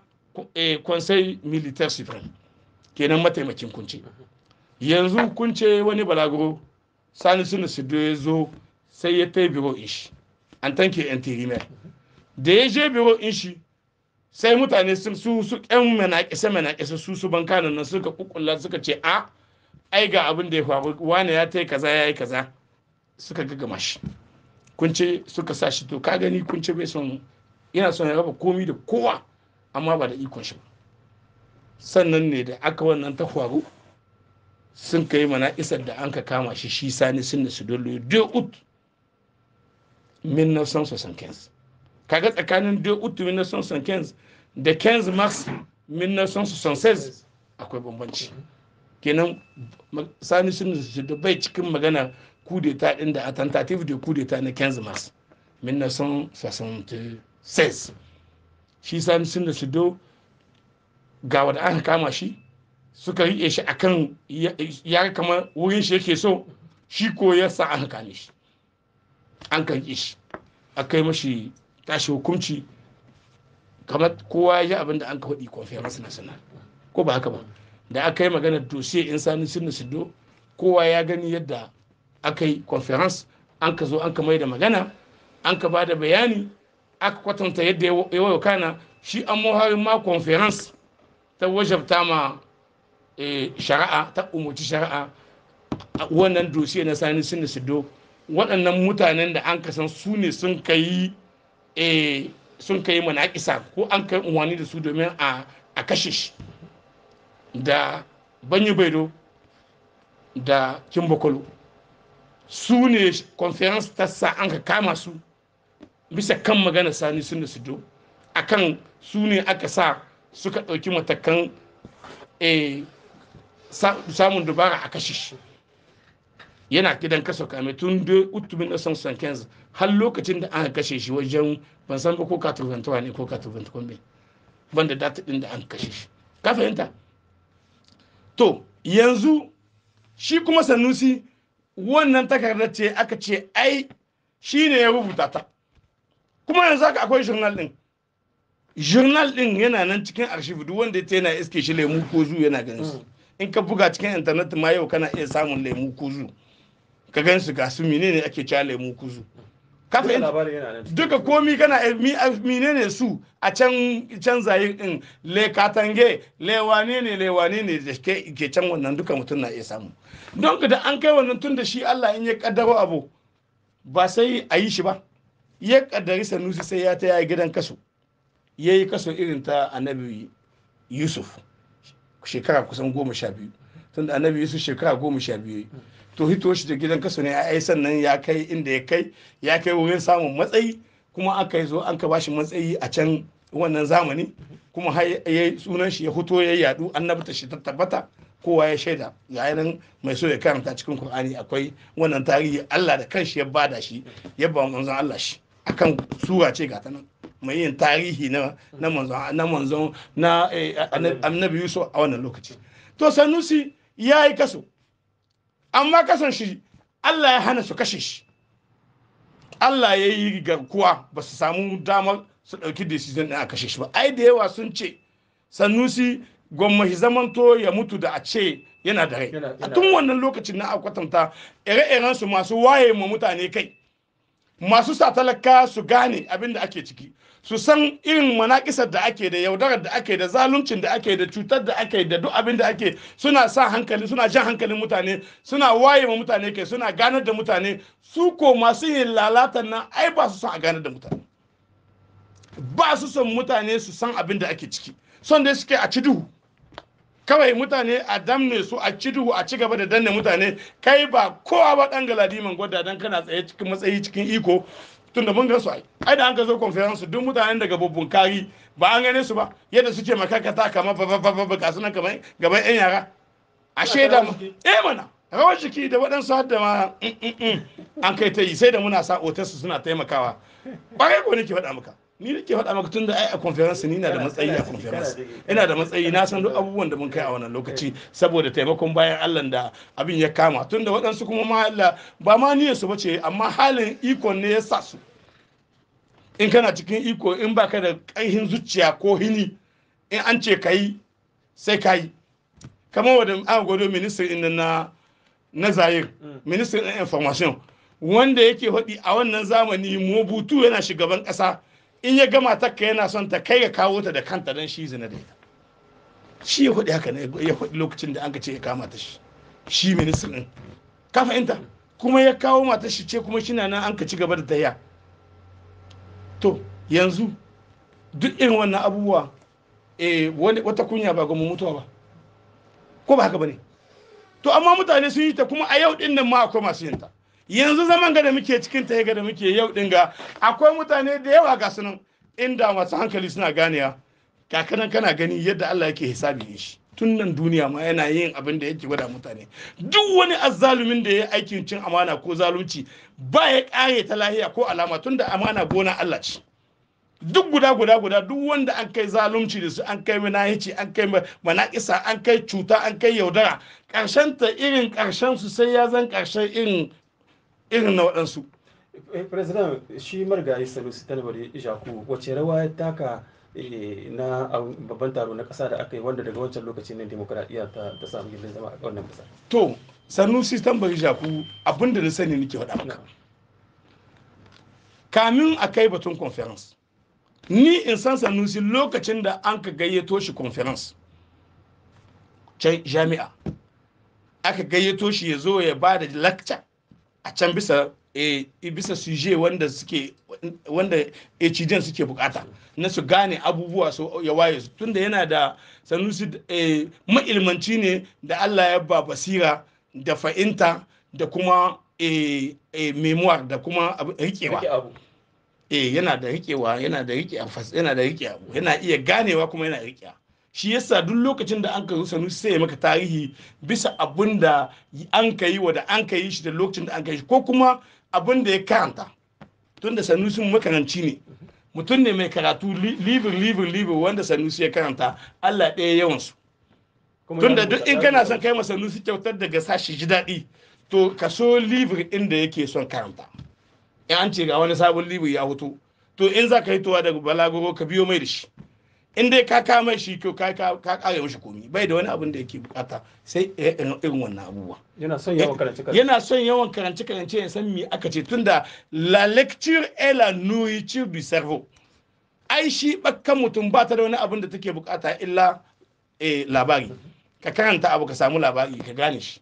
S2: eh, conseil militaire supreme kenan mataimakin kunce yanzu kunce wani balaguro sani su do ya zo sai ya tai biro in shi an tanke yan da ya je biro in shi sai mutane su su ƴan mana ƙisa su su kanan nan suka kukkulla suka ce a ai ga abin da ya faru wane ya tai kaza ya yi kaza suka gama shi kun ce suka sa shi to ka gani kun ce bai son yana son ya raba komi da kowa amma ba da ikon shi sannan ne da aka wannan ta faru sun kai mana isar da an ka kama shi shi sani sun da su dole de ut min na san su san kensu kaga tsakanin 2008 1975 da 15 mars 1976 akwai bambanci kenan sani sun da bai cikin magana kudeta din da a da kudeta na 15 mars 1976 shi sani sun da shido ga wadda aka kama shi suka riƙe shi akan ya kama wurin shi yake so shi ko ya sa aka kame shi an kan shi aka yi mashi tashi hukunci kamar kowa ya ji abin da an ka faɗi conference national ko ba haka ba da aka yi magana dosiye in sani sun sido kowa ya gani yadda aka yi conference an ka zo an ka mai da magana an ka ba da bayani aka kwatanta yadda ya wayo kana shi an muharin ma conference ta wajabta ma eh, shari'a ta umarci shari'a wannan dosiye na sani sun sido waɗannan mutanen da an ka san su ne sun kai. e sun kai mana munakisa ko an kai unwani da su domin a kashe shi da banyu baido da kimbokolo su ne conference sa an ka kama su bisa kan magana sani sun da su do a kan su ne aka sa suka ɗauki matakan eh, samun dubara a kashe shi yana gidan kaso kame tun da utumin da san san har lokacin da aka kashe shi wajen ban san ba ko ka turbantawa ne ko ka turbantawa ne banda data din da an kashe shi ka fahimta to yanzu shi kuma sanusi wannan takardar ce aka ce ai shi ne ya rubuta ta kuma yanzu aka akwai journal din journal din yana nan cikin archive duk wanda ya yana iske shi lemu ko zu yana ganin mm. in ka buga cikin internet ma yau kana iya samun lemu ko zu ka gan su ga su menene ake cewa lemu kuzu duka komi kana eh, ah, menene su a can can zayin din le katange le wane ne le wane ne da ke can wannan duka mutun na iya samu don da an kai wannan tun da shi Allah in ya kaddaro abu ba sai a yi shi ba ya kaddari sanusi sai ya ta yayi gidan kaso ya yi kaso irin ta annabi yusuf shekara kusan goma sha biyu tun da annabi yusuf shekara goma sha biyu to hito shi da gidan kaso ne a ai sannan ya kai inda ya kai ya kai wurin samun matsayi kuma aka yi zo an ka bashi matsayi a can wannan zamani kuma har sunan shi ya huto ya yadu annabta shi ta tabbata kowa ya shaida yayin mai so ya karanta cikin Qur'ani akwai wannan tarihi Allah da kanshi ya bada shi ya ba manzon Allah shi akan sura ce gata nan mai yin tarihi na na manzon na manzon na eh, annabi Yusuf a wannan lokaci to Sanusi yayi kaso amma kasan shi Allah ya hana su kashe shi Allah ya yi garkuwa ba su samu damar su ɗauki decision ɗin a kashe shi ba ai da yawa sun ce sanusi gwamnati zamanto ya mutu da a ce yana da rai a tun wannan lokacin na kwatanta ire-iren su masu waye ma mutane kai masu sa talaka su gane abin da ake ciki su san irin manakisar da ake da yaudarar da ake da zaluncin da ake da cutar da ake da duk abin da ake suna sa hankali suna jan hankalin mutane suna waye ma mutane kai suna ganar da mutane su ko masu yin lalatan nan ai ba su san a ganar da mutane ba su san mutane su san abin da ake ciki son dai suke a ci duhu kawai mutane a damne su a ci duhu a ci gaba da danne mutane kai ba kowa ba dan galadiman gwada dan kana tsaye cikin matsayi cikin iko tunda mun su ai ai da an ka zo conference duk mutanen daga babban kari ba an gane su ba yadda suke makakata kama ba ba ba ba kasu nan kamar gaban yan yara a shaida eh mana rawar jiki da waɗansu hadda ma mm, mm, mm, an kai ta yi sai da muna sa otarsu suna taimakawa ba ko nake faɗa maka ni da ke faɗa maka tun da ai a conference ni na da matsayi a conference ina da matsayi na san duk abubuwan da mun kai a wannan eh. lokaci saboda taimakon bayan Allah da abin ya kama tun da waɗansu kuma ma Allah ba ma niyyar su bace amma halin iko ne ya sa su in kana cikin iko in baka da ƙaihin zuciya ko hini in an ce kai sai kai kamar wadda aka gwado ministan inda na na zayin mm. ministan information wanda yake faɗi a wannan zamani mobutu yana shugaban ƙasa in ya gama takka yana son ta kai ga kawo ta da kanta dan shi zina da ita shi ya hudu haka ne ya hudu lokacin da an ka ce ya kama ta shi shi ministan din ka fahimta kuma ya kawo mata shi ce kuma shi na nan an ka ci gaba da tahiya to yanzu duk irin wannan abubuwa eh, wata kunya ba ga mutuwa ba ko ba haka ba ne to amma mutane sun yi ta kuma a yau din nan ma akwai masu yinta yanzu zaman ga da muke cikin ta ga da muke yau din ga akwai mutane da yawa ga sunan inda masu hankali suna ganiya kakanan kana gani yadda Allah yake hisabi shi tun nan duniya ma yana yin abin da yake gwada mutane duk wani azzalumin da ya aikin cin amana ko zalunci ba ya kare ta lahiya ko alama tun da amana gona Allah ce duk guda guda guda duk wanda an kai zalunci da su an kai manahici an kai manaƙisa an kai cuta an kai yaudara karshen ta irin karshen su sai ya
S1: zan karshen irin irin na waɗansu eh, eh, president shi marigayi sanusi tanibari ijaku wace rawa ya taka eh, na babban taro na ƙasa da aka yi wanda daga wancan lokaci ne demokuraɗiyya ta samu gindin zama a wannan ƙasa.
S2: to sanusi tanibari abin abinda na sani nake faɗa maka kamin a kai batun conference ni in san sanusi lokacin da an ka gayyato shi conference jami'a aka gayyato shi ya zo ya ba da lecture a can bisa eh, bisa suje wanda suke wanda ecijen eh, suke bukata na su gane abubuwa su ya waye su tunda yana da sanusi eh, mailmanci ne da Allah ya ba basira da fa'inta da kuma e, da kuma rikewa yana da rikewa yana da rike yana da rike abu yana iya ganewa kuma yana rikewa shi yasa duk lokacin da an ka zo sanusi sai ya maka tarihi bisa abin da an ka yi wa da an ka yi shi da lokacin da an ka yi ko kuma abin da ya karanta tun da sanusi makaranci ne mutum ne mai karatu libin libin libin wanda sanusi ya karanta allah ɗaya yawansu tun da duk in kana son kai masa sanusi kyautar daga sashi ji daɗi to ka so libin inda yake son karanta in an ce ga wani sabon libin ya hutu to in za ka yi tuwa daga balagoro ka biyo mai da shi in dai ka kama shi kyau ka ka kare mishi komi bai da wani abin da yake bukata sai irin wannan abubuwa yana son yawan eh, karance karance yana son yawan karance karance ya san me aka ce tunda la lecture et la nourriture du cerveau ai shi bakkan mutum ba ta da wani abin da take bukata illa eh, labari ka karanta abu ka samu labari ka gane shi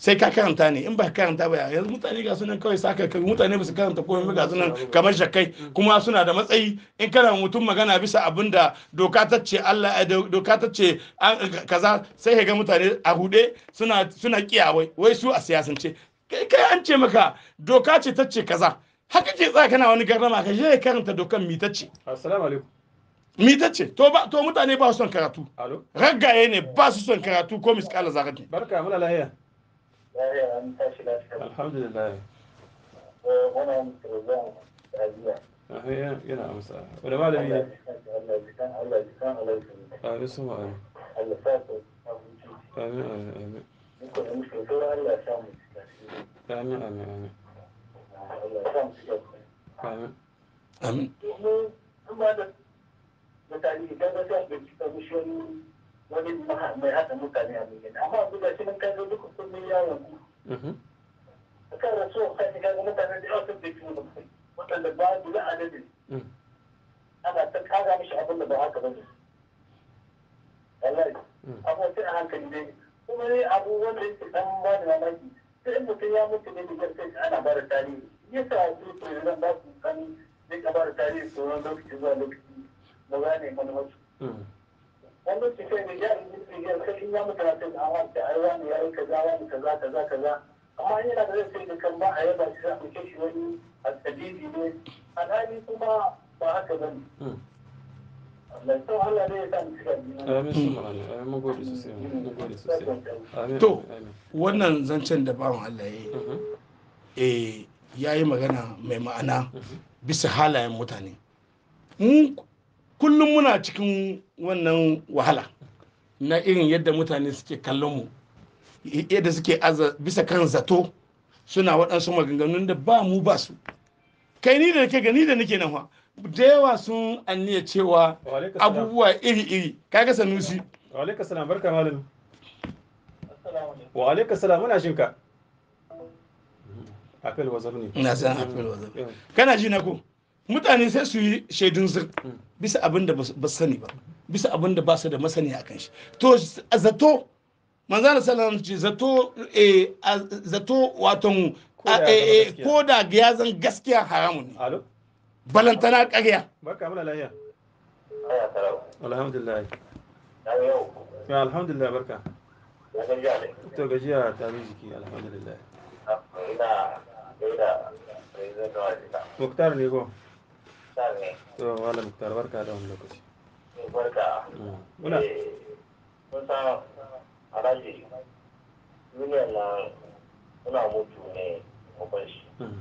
S2: sai ka karanta ne in ba ka karanta ba yanzu mutane ga sunan kawai saka kai mutane ba su karanta komai ga sunan kamar shakai kuma suna da matsayi in kana mutum magana bisa abin da doka ta ce Allah eh, doka ta ce kaza sai ga mutane a hude suna suna kiyawai wai su a siyasance kai kai an ce maka doka ce ta ce kaza haka ce tsaya kana wani garrama ka je karanta dokan mi ta ce assalamu alaikum mi ta ce to ba to mutane ba su son karatu ragaye ne ba su son karatu ko miskala zakati barka mala lahiya
S1: الحمد لله هي ينعم مساء ولا ما على مين آمين ثم آمين آمين آمين آمين آمين آمين آمين آمين آمين آمين wani mai haɗa mutane a bayyana amma abu da shi mun kai duka kullum ya yanku
S3: mhm. kan rasuwa kai ne kaga mutane da yawa sun bai da kai waɗanda ba su da adadin mhm. ana ta kaga mishi abin da ba haka ba ne wallahi mhm. abu sai a hankali ne kuma ne abu wanda yake dan ba da mamaki sai in mutum ya mutu ne da sai ana ba da tarihi yasa su ke nan ba su kan ne ka ba da tarihi to lokaci zuwa lokaci ba za ne wani wasu wannan su kai da jari jirgin kashin ya mutu da awon a aiwa ne ya yi kaza kaza kaza kaza amma yana da zai da kan ba a yaba shi za mu kai shi wani alƙalibi ne
S1: alhali kuma ba haka ba ne. To, wannan zancen
S5: da
S2: bawan Allah ya yi mm-hmm. eh, ya yi magana mai ma'ana mm-hmm. bisa halayen mutane. kullum muna cikin wannan wahala na irin yadda mutane suke kallon mu yadda suke bisa kan zato suna waɗansu maganganun da ba mu ba su kai ni da nake gani da
S1: nake nan da yawa sun anniya cewa abubuwa iri-iri kaga sanusi wa alaika salam barka wa salam muna shinka apel wazar ne na san apel wazar mm. kana ji na ko
S2: mutane sai su yi shaidun zir mm. bisa abin da ba sani ba bisa abin da ba su da masani a kan shi to a zato manzana sanar ce zato zato waton ko da ya zan gaskiya haramun ne
S1: balantana ƙarya barka lahiya alhamdulillah ya alhamdulillah barka to wala muktar barka da wani lokaci barka hmm.
S3: muna eh, kusa alhaji Duniya na muna mutu ne mabar shi hmm.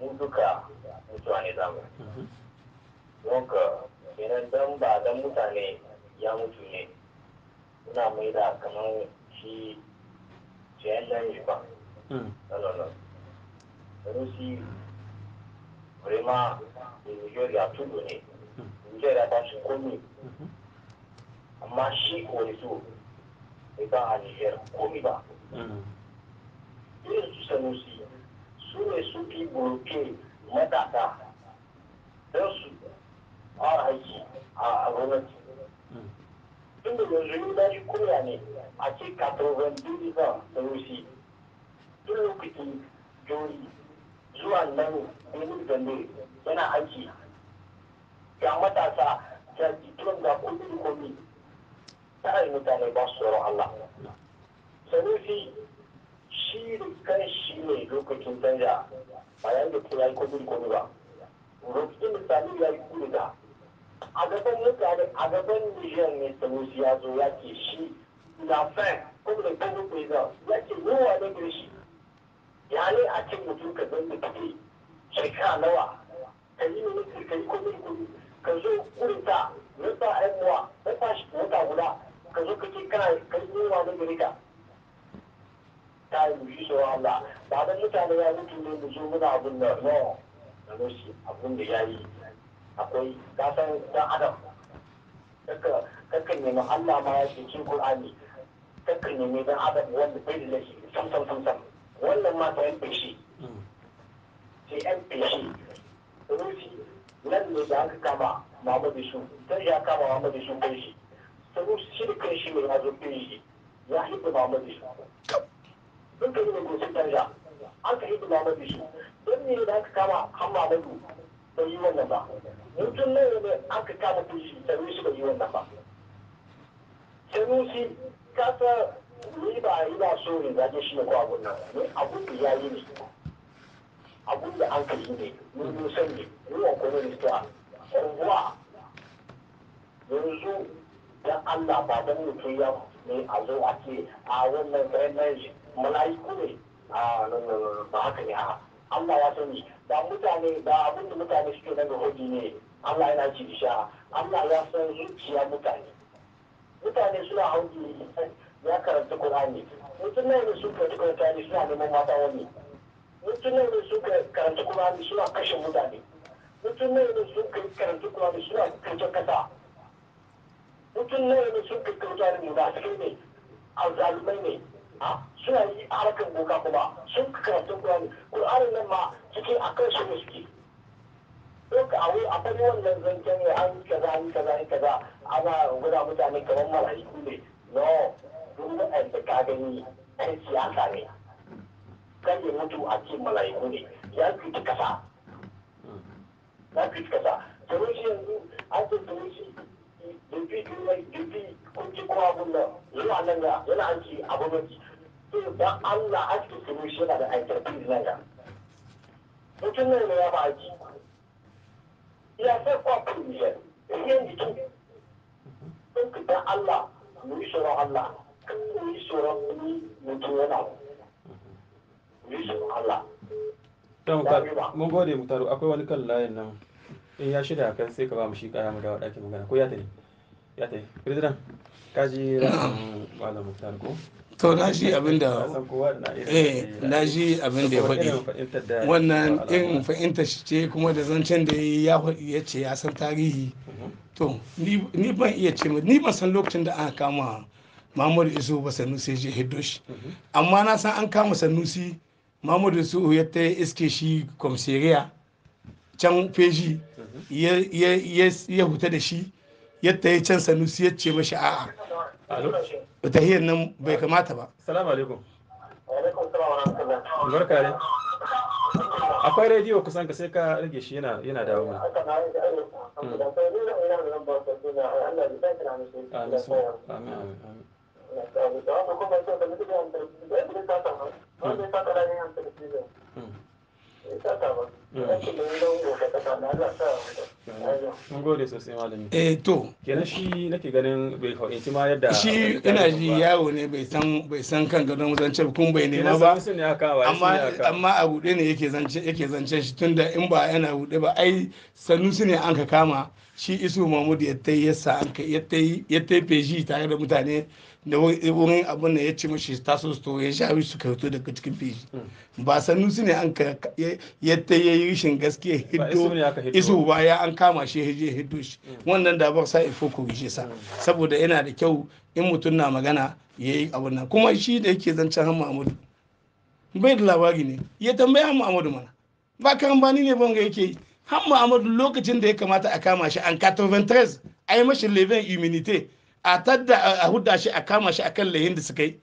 S3: mu duka mutuwa ne zamu hmm. don ka kenan dan ba dan mutane ya mutu ne muna mai da kamar shi jiyan nan ba sallallahu alaihi vraiment le meilleur il a tout donné. Niger il a battu Komi, Machi Orizo, et dans à Niger, Komi ba. Et tout ça aussi, sous les sous qui bloquaient Matata, dans ce Araïki, à Romati. Tun da yanzu yi daji koya ne a ce 92 ans da Rusi, tun lokacin Jori zuwa nan wani da ne yana aiki ga matasa ga jikin ga kudi komi ta yi mutane ba su tsoron Allah sanusi shi da kan shi ne lokacin canja bayan da kuma ya yi kudi komi ba lokacin da sami ya yi kudi da a gaban mutane a gaban nijar ne sanusi ya zo ya ke shi na fain kuma da kuma ya ce yawa da shi ya a cin mutum ka zan da kake shekara nawa ka yi miniti ka yi komai kuri ka zo wurin ta na sa aibuwa na sa shi wata guda ka zo kake kana ka yi yunwa na gari ka ta yi mushi sau Allah ba dan mutane ya mutu ne mu zo muna abin da no na mushi abin da ya yi akwai kasan dan adam kakkan nemi Allah ma ya ce cikin Qur'ani kakan nemi dan adam wanda bai da lashi sam sam sam sam wannan ma yan fashi hmm. sai yan feshi rufi nan ne da aka kama mamadu Su ta ya kama Muhammadu Su feshi saboda shi da kan shi mai ya zo ya hidda mamadu Su duka yi da gosin danja an ka hidda Muhammadu Su don ne da aka kama han Muhammadu bai yi wannan ba mutum ne ne aka kama ta rufi shi bai yi wannan ba sanusi kasa ni ba ina so in zage shi ko abu nan ni abun da ya yi ne abun da an kai ne ni mun san ne ni wa kuma ne ta kuma yanzu dan Allah ba dan mutum ya ne a zo a ce a wannan bayanan shi mala'iku ne a nan ba haka ne a Allah ya sani ba mutane ba abin da mutane suke nan da hoji ne Allah yana ci sha Allah ya san zuciya mutane mutane suna ne. ya karanta Kur'ani. mutum nawa ne karanta kur'ani suna neman mata wani mutum nawa ne sun karanta kur'ani suna kashe mutane mutum nawa ne sun karanta kur'ani suna kirkin kasa mutum nawa ne sun karanta Qur'ani munafikai ne azzalumai ne suna yi harkar boka kuma sun karanta kur'ani Kur'ani nan ma cikin kan su ne suke duk a wai fari wannan zancen ne an kaza an kaza an kaza ana gwada mutane kamar mala'iku ne no duk waɗanda ka gani ɗan siyasa ne kan ya mutu a cikin mala'iku ne ya cuci kasa ya cuci kasa turushi yanzu an ce turushi dubi dubai dubi kun ci kowa gunna yana nan ga yana aiki a gwamnati to dan Allah aiki turushi yana da aikarfi nan ga mutum ne ya ba aiki ya sai kwa kurmiyar riyan jikin don ka dan Allah mu yi shirin Allah mu yi tsoron mu ji wani abu
S1: mu yi tsoron Allah mun gode mu taro akwai wani kan layin nan in ya shirya kan sai ka ba mu shi kaya mu dawo ɗakin magana ko ya tafi ya tafi president ka ji ra'ayin malam muktar ko to na ji abin da eh na ji abin da ya faɗi wannan
S2: in fahimta shi ce kuma da zancen da ya faɗi ya ce ya san tarihi mhm. to ni ban iya ce ni ban san lokacin da aka kama Muhammadu Isu ba Sanusi ya je hiddo amma na san an kama Sanusi Muhammadu Isu ya ta iske shi komisariya can feji ya huta da shi ta yi can Sanusi ya ce mashi
S3: a'a
S1: hiyar nan bai kamata ba salamu alaikum barka ne akwai rediyo kusan ka sai ka rage shi yana yana dawo mana
S3: hmm. amin
S1: amin amin mun gode sosai eh to kenan shi nake ganin bai fahimci ma yadda shi ina ji yawo
S2: ne bai san bai san kan gadon zancen kun bai nema ba amma amma a buɗe ne yake zance yake zancen shi tunda in ba yana buɗe ba ai sanusi ne an kama shi isu mahmud ya tai yasa an ya tai ya tai feji tare da mutane da wurin abin da ya ce mashi taso su ya sha su karto daga cikin fiji hmm. ba sannu su ne an ka ya ya yi shin gaskiya hiddo isu ba ya an kama shi hije hiddo shi hmm. wannan da bar sa ifo ko gishe sa hmm. saboda yana da kyau in mutum na magana ya yi abin nan kuma shi da yake zancen han Muhammadu bai da labari ne ya tambaya han Muhammadu mana ba karan bani ne banga yake yi han Muhammadu lokacin da ya kamata a kama shi an 93 a yi mashi leven immunity a tadda a hudda shi a kama shi kan layin da suka yi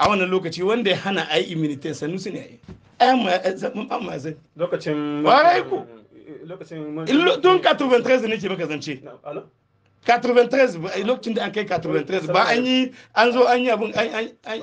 S2: a wannan lokaci wanda ya hana a yi immunity sannu su ne a yi ayan ma zai lokacin warai ku
S1: eh,
S2: tun 93 ne ke maka zance 93 lokacin da an kai 93 ba an yi
S1: an zo an yi abun an yi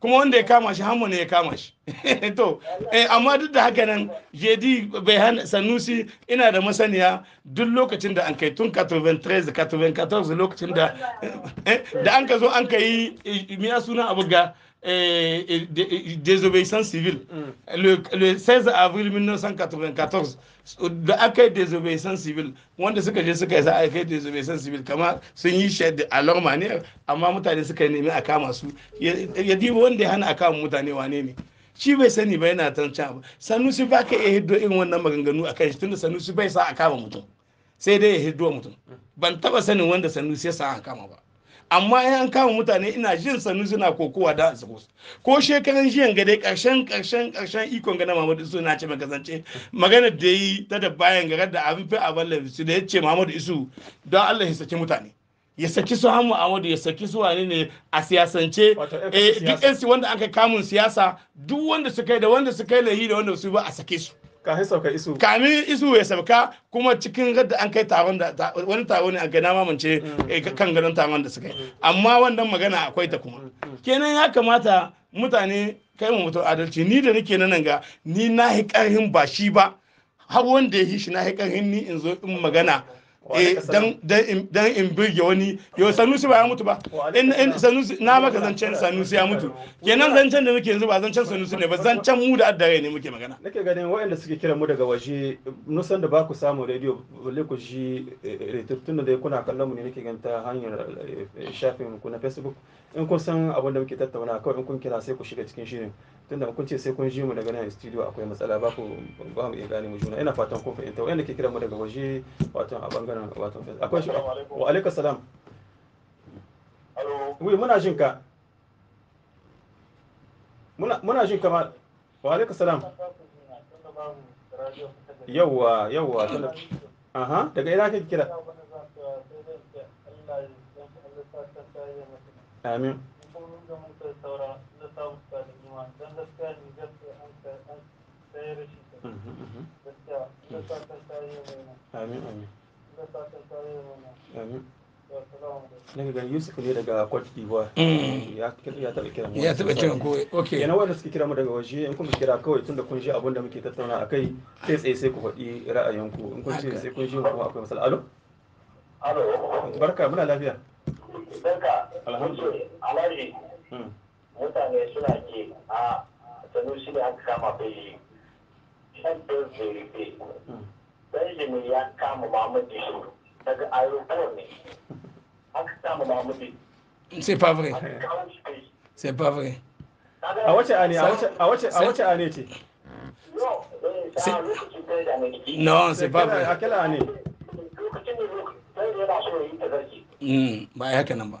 S2: kuma wanda ya kama shi hamu ne ya kama shi to eh, amma duk da haka nan jedi bai hana sanusi ina da masaniya duk lokacin da an kai tun 93 94 lokacin da eh, da an ka zo an ka yi eh, miya suna abu ga désobéissance civile mm. le le 16 avril 1994 da aka yi désobéissance civile wanda suka je suka yi sa aka yi désobéissance civile kama sun yi shaidi a leur manière amma mutane suka nemi a kama su ya diba wanda ya hana a kama mutane wane ne ci bai sani ba yana tan can sanusi ba ka iya hiddo irin wannan maganganu a kan shi tunda sanusi bai sa a kama mutum sai dai ya hiddo mutum ban taba sanin wanda sanusi ya sa a kama ba amma in an kama mutane ina jin sanu suna kokowa da asibus ko shekaran jiyan gade karshen karshen karshen ikon gana Muhammadu Isu na ce kasance magana da yi ta da bayan garar da abin fi abin su da ya ce Muhammadu Isu don Allah ya saki mutane ya saki su hamu Ahmadu ya saki su wani ne a siyasance eh, duk yan wanda aka kamun siyasa duk wanda suka yi da wanda suka yi lahi da wanda su ba a sake su kamin sauka isu isu ya sauka kuma cikin da an kai taron da wani taron ne a gana mamance mm, mm, eh, mm. kan ganin taron da suka yi amma wannan magana akwai ta kuma kenan ya kamata mutane kai mu mutu adalci ni da nake nan ga ni na hi karhin ba shi ba har wanda ya shi na hi karhin ni in zo in magana Eh, dan in birge wani yau sanusi ba ya mutu ba na maka zancen sanusi ya mutu kenan zancen da muke yanzu ba zancen sanusi ne ba zancen mu da addare ne muke
S1: magana nake ganin waɗanda suke kira mu daga waje nusan da ba ku samu rediyo balle ku ji retirtun eh, eh, da kuna kallon mu ne nake ganin ta hanyar shafin ku na facebook in kun san abin da muke tattauna kawai in kun kira sai ku shiga cikin shirin tunda kun ce sai kun ji mu daga nan studio akwai matsala ba ku ba mu iya gane mu juna ina fatan kun fahimta wanda ke kira mu daga waje wato a bangaren wato akwai shi wa alaikum salam Alo. muna jin ka. Muna muna jin ka ma wa alaikum salam. Yawwa, yawwa. Aha, daga ina kake kira? amin amin amin amin ne daga cote mm. kira mu ya yana wanda suke kira mu daga waje in kun kira kawai tunda kun ji abin da muke tattauna akai kai tsaye ku faɗi ra'ayinku in kun ce sai kun ji kuma akwai alo alo barka muna lafiya
S3: barka alhamdulillah alhaji hmm. mutane suna ke a sanusi da aka kama bai benjamin hmm. ya kama daga aeroport ne aka kama
S2: c'est pas vrai c'est pas
S3: a wace ce non c'est pas vrai a quelle année eh, lokacin da lokacin
S2: hmm, ba ya ba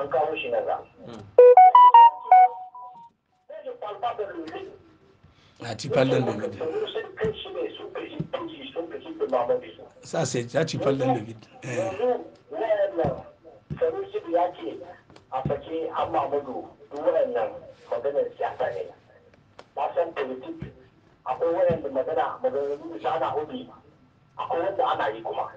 S3: an kawo shi naza
S2: a ci fallon gidi. sa sai eh. ya ci fallon david
S3: sanusi ya a fake yi kuma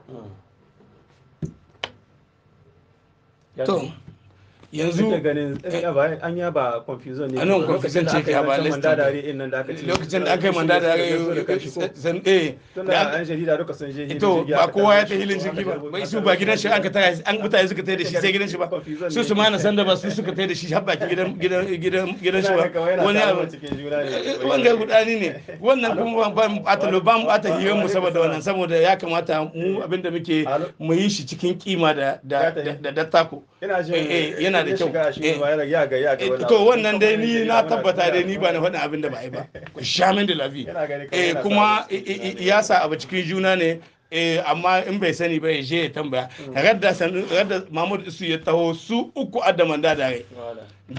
S1: yanzu da ganin eh, ya ba an ya ba confusion ne anan confusion ce ya ba listin lokacin da aka yi manda eh, eh, da aka yi san eh da an jarida duka san je to ba kowa ya ta hilin jiki ba mai su ba
S2: gidan shi an ka ta an mutane suka taya da shi sai gidan shi
S5: ba su su ma na
S2: san da ba su suka taya da shi har baki gidan gidan gidan gidan shi ba wani abu
S1: cikin ne wannan
S2: gudani ne wannan kuma ba mu bata lo ba mu bata hiyon mu saboda wannan saboda ya kamata mu abinda muke mu yi shi cikin kima da da da tako
S1: ina eh, eh, yana da kyau eh. to wannan dai ni na
S2: tabbata dai ni ba na faɗin abin da ba yi ba ku sha min da lafi kuma ya sa abu cikin juna ne amma in bai sani ba ya je ya tambaya mm. radda radda Mahmud Isu ya taho su uku adda manda da rai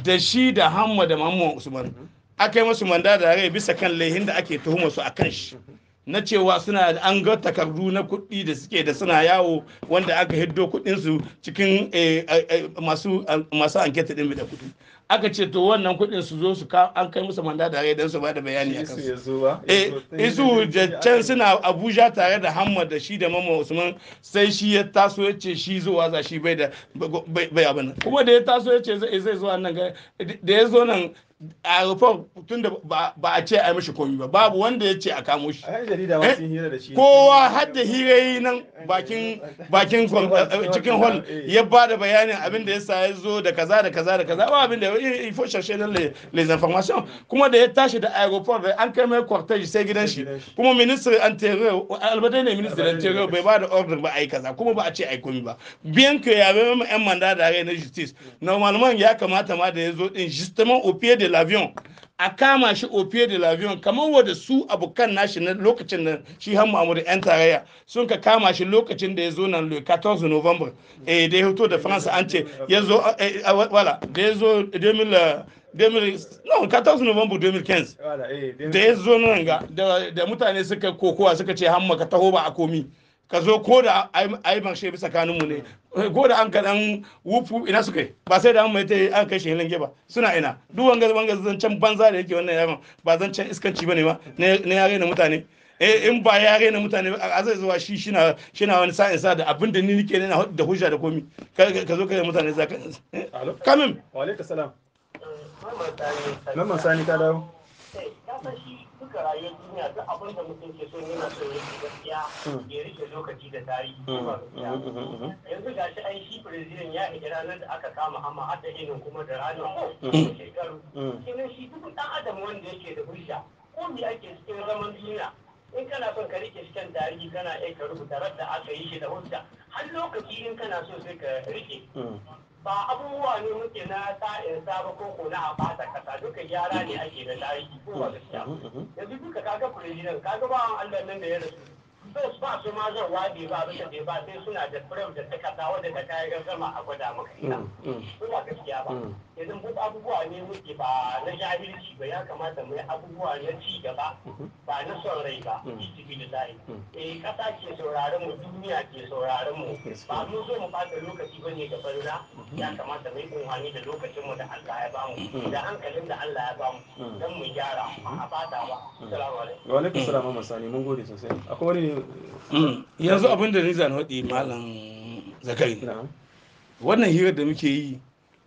S2: da shi da Hamma da Mahmud Usman mm-hmm. aka yi masu manda da rai bisa kan laihin da ake tuhuma su kan shi mm-hmm. na cewa suna an ga takardu na kuɗi da suke da suna yawo wanda aka hiddo kuɗinsu cikin eh, eh, eh, masu masu anketa ɗin da kuɗi aka ce to wannan kuɗin su zo su an kai musu manda tare don su bada bayani a kansu isu da can suna abuja tare da hamma da shi da mama usman sai shi ya taso ya ce shi zuwa za shi bai da bai abin kuma da ya taso ya ce zai zo nan da ya zo nan aeroport tunda ba a ce a yi mashi komi ba babu wanda ya ce a kamo shi
S1: eh?
S2: kowa hadda yi nan bakin eh, cikin hall eh. ya ba da bayanin abin da ya sa ya zo da kaza da kaza da kaza ba abin da ya fo sharshe na les informations kuma da ya tashi da aeroport da an kai mai cortege sai gidan shi kuma ministry interior albadai ne ministry bai ba da order ba a yi kaza kuma ba a ce a yi komi ba biyan ka ya bai ma yan manda da na justice normalman ya kamata ma da ya zo din justement au pied de l'avion a kama shi au pied de l'avion kamar wanda su abokan nashi na lokacin da shi han Muhammadu yan tarayya sun ka kama shi lokacin da ya zo nan le 14 November eh da ya fito da France an ce ya zo eh, eh, ah, wala da ya zo 2000 non 14 november
S5: 2015
S2: da ya zo nan ga da mutane suka kokowa suka ce hamma ka taho ba a komi ka zo ko da a yi marshe bisa kanunmu ne ko da an kaɗan wufu ina suka yi ba sai da an mai ta an kai shehilan ba suna ina duk wanga wanga zancen banza da yake wannan yaron ba zancen iskanci bane ba na yare na mutane eh, in ba ya na mutane a zai zuwa shi shina shina wani sa'in sa da abin da ni nake na da hujja da komi ka zo kai mutane za ka kamin wa alaikum salam
S3: eh, mamman sani ta dawo eh, duka rayuwar duniya duk abin da mutum ke so yana so ya yi gaskiya hmm. ya rike lokaci da tarihi hmm. Hmm. yanzu ga shi ai shi brazilian ya haɗe ranar da aka kama amma har da irin kuma da ranar
S4: shekaru
S3: kinan shi duk ɗan adam wanda yake da hujja ko me ake cikin zaman duniya in kana son ka rike cikin tarihi kana iya ka rubuta da aka yi shi da hujja har lokaci in kana so sai ka rike ba abubuwa ne muke na sa'in ba ko ko na fata kasa duka gyara ne ake da tarihi ko ba gaskiya mm-hmm, mm-hmm, mm-hmm. yanzu duka kaga president kaga ba an Allah nan da ya rasu sai ba su ma zan wadi ba bisa da ba sai suna da firam da ta kasa wadda ta kayan gama a gwada maka ina mm, mm. ko ba gaskiya ba mm. yanzu wasu abubuwa ne muke ba na jahilci ba ya kamata mai abubuwa na ci gaba mhm. ba na son rai ba cikin mhm. zai mhm. eh kasa ke sauraron mu duniya ke sauraron mu ba mu zo mu bata lokaci ba ne ga barna ya kamata mai kunwani kunhani da lokacin mu da Allah ya bamu da hankalin da Allah ya bamu dan mu gyara a bata ba assalamu alaikum wa alaikum salam
S1: amma sani mun gode sosai akwai wani mm. yanzu abinda ni zan hadi malam
S2: zakari wannan hira da muke yi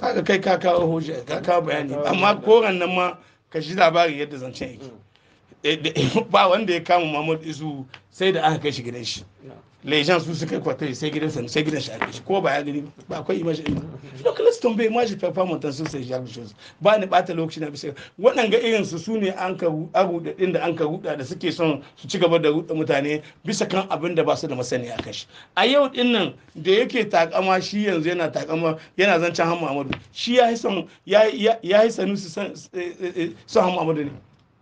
S2: kaga kai ka kawo hujja ka kawo bayani amma koran nan ma ka ji labarin yadda zancen yake Eh, ba wanda ya kama Muhammad Isu sai da aka kai shi gidan shi lejan su suka kwatai sai gidan sa sai gidan shi a shi ko ba ya gani ba akwai image din localist ton bai image performance tan sun sai jar shi ba ni bata lokaci na bisa wannan ga irin su sune an ka da din da an ka ruda da suke son su ci gaba da ruda mutane bisa kan abin da ba su da masani a kashi a yau din nan da yake takama shi yanzu yana takama yana zancan Hamma Amadu shi ya yi son ya yi sanusi eh, eh, son Hamma Amadu ne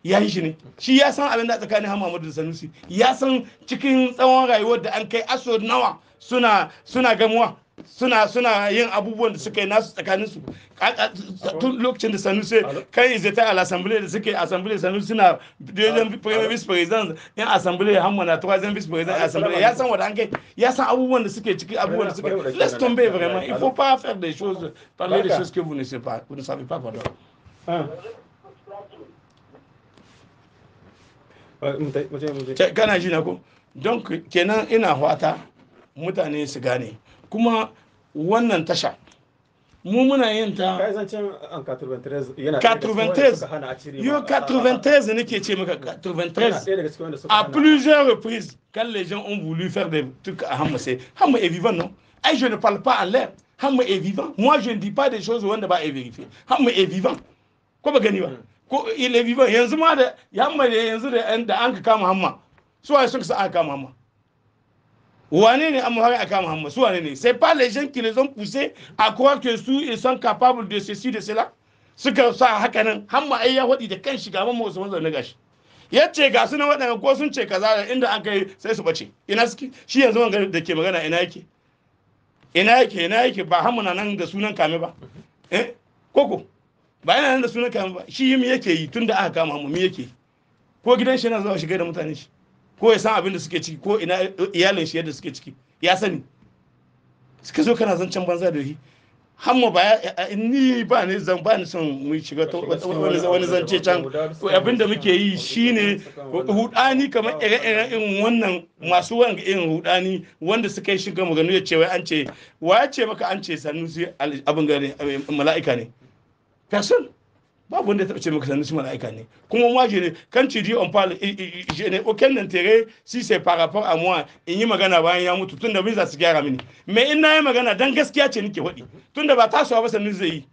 S2: ya yi shi ne shi ya san abin da tsakanin Muhammadu da Sanusi ya san cikin tsawon rayuwar da an kai aso nawa suna suna gamuwa suna suna yin abubuwan da suka yi nasu tsakanin su tun lokacin da sanusi kai zeta al assemblée da suke assemblée sanusi suna deuxième premier vice président yan assemblée hamma na troisième vice president assemblée ya san wanda an kai ya san abubuwan da suke ciki abubuwan da suke laisse tomber vraiment il faut pas faire des choses parler des choses que vous ne savez pas vous ne savez pas pardon kana shi na ko don kenan ina fata mutane su gane kuma wannan tasha mu muna yin
S1: ta 93 um, yo 93
S2: nake ce maka 93
S1: mm. a
S2: plusieurs reprises quand les gens ont voulu faire des trucs à Hamasé Hamas est vivant non et je ne parle pas en l'air Hamas est vivant moi je ne dis pas des choses où on ne va pas vérifier Hamas est vivant ko ba gani ba ko ilabi ba yanzu ma da yamma da yanzu da an ka kama hamma su waye suka sa aka kama hamma wane ne amma har aka kama hamma su wane ne c'est pas les gens qui les ont poussés à croire que su ils sont capables de ceci de cela suka sa haka nan hamma ai ya wadi da kan shiga mamma Usman na gashi yace ga su na waɗanda ko sun ce kaza da inda aka yi sai su bace ina suke shi yanzu wanga da ke magana ina yake ina yake ina yake ba hamma nan da sunan kame ba eh koko ba yana nan da sunan kama ba shi mi yake yi tun da aka kama mu mi yake ko gidan shi yana zuwa shiga da mutane shi ko ya san abin da suke ciki ko ina iyalin shi yadda suke ciki ya sani suka zo kana zancen banza da shi hamma ba ni ba ne zan ba ni son mu shiga wani zance can abin da muke yi shine hudani kamar ire-iren irin wannan masu wanga irin hudani wanda suka yi shiga maganu ya ce wai an ce wa ce maka an ce sanusi abin gare eh, mala'ika ne personne ba wanda da taɓa ce maka sanin mala'ika ne kuma moi je ne kan ci dis on parle je ne aucun intérêt si c'est par rapport à moi in yi magana bayan ya mutu tunda bin za su gyara mini me in na yi magana dan gaskiya ce nake faɗi tunda ba tasowa ba sanin zai yi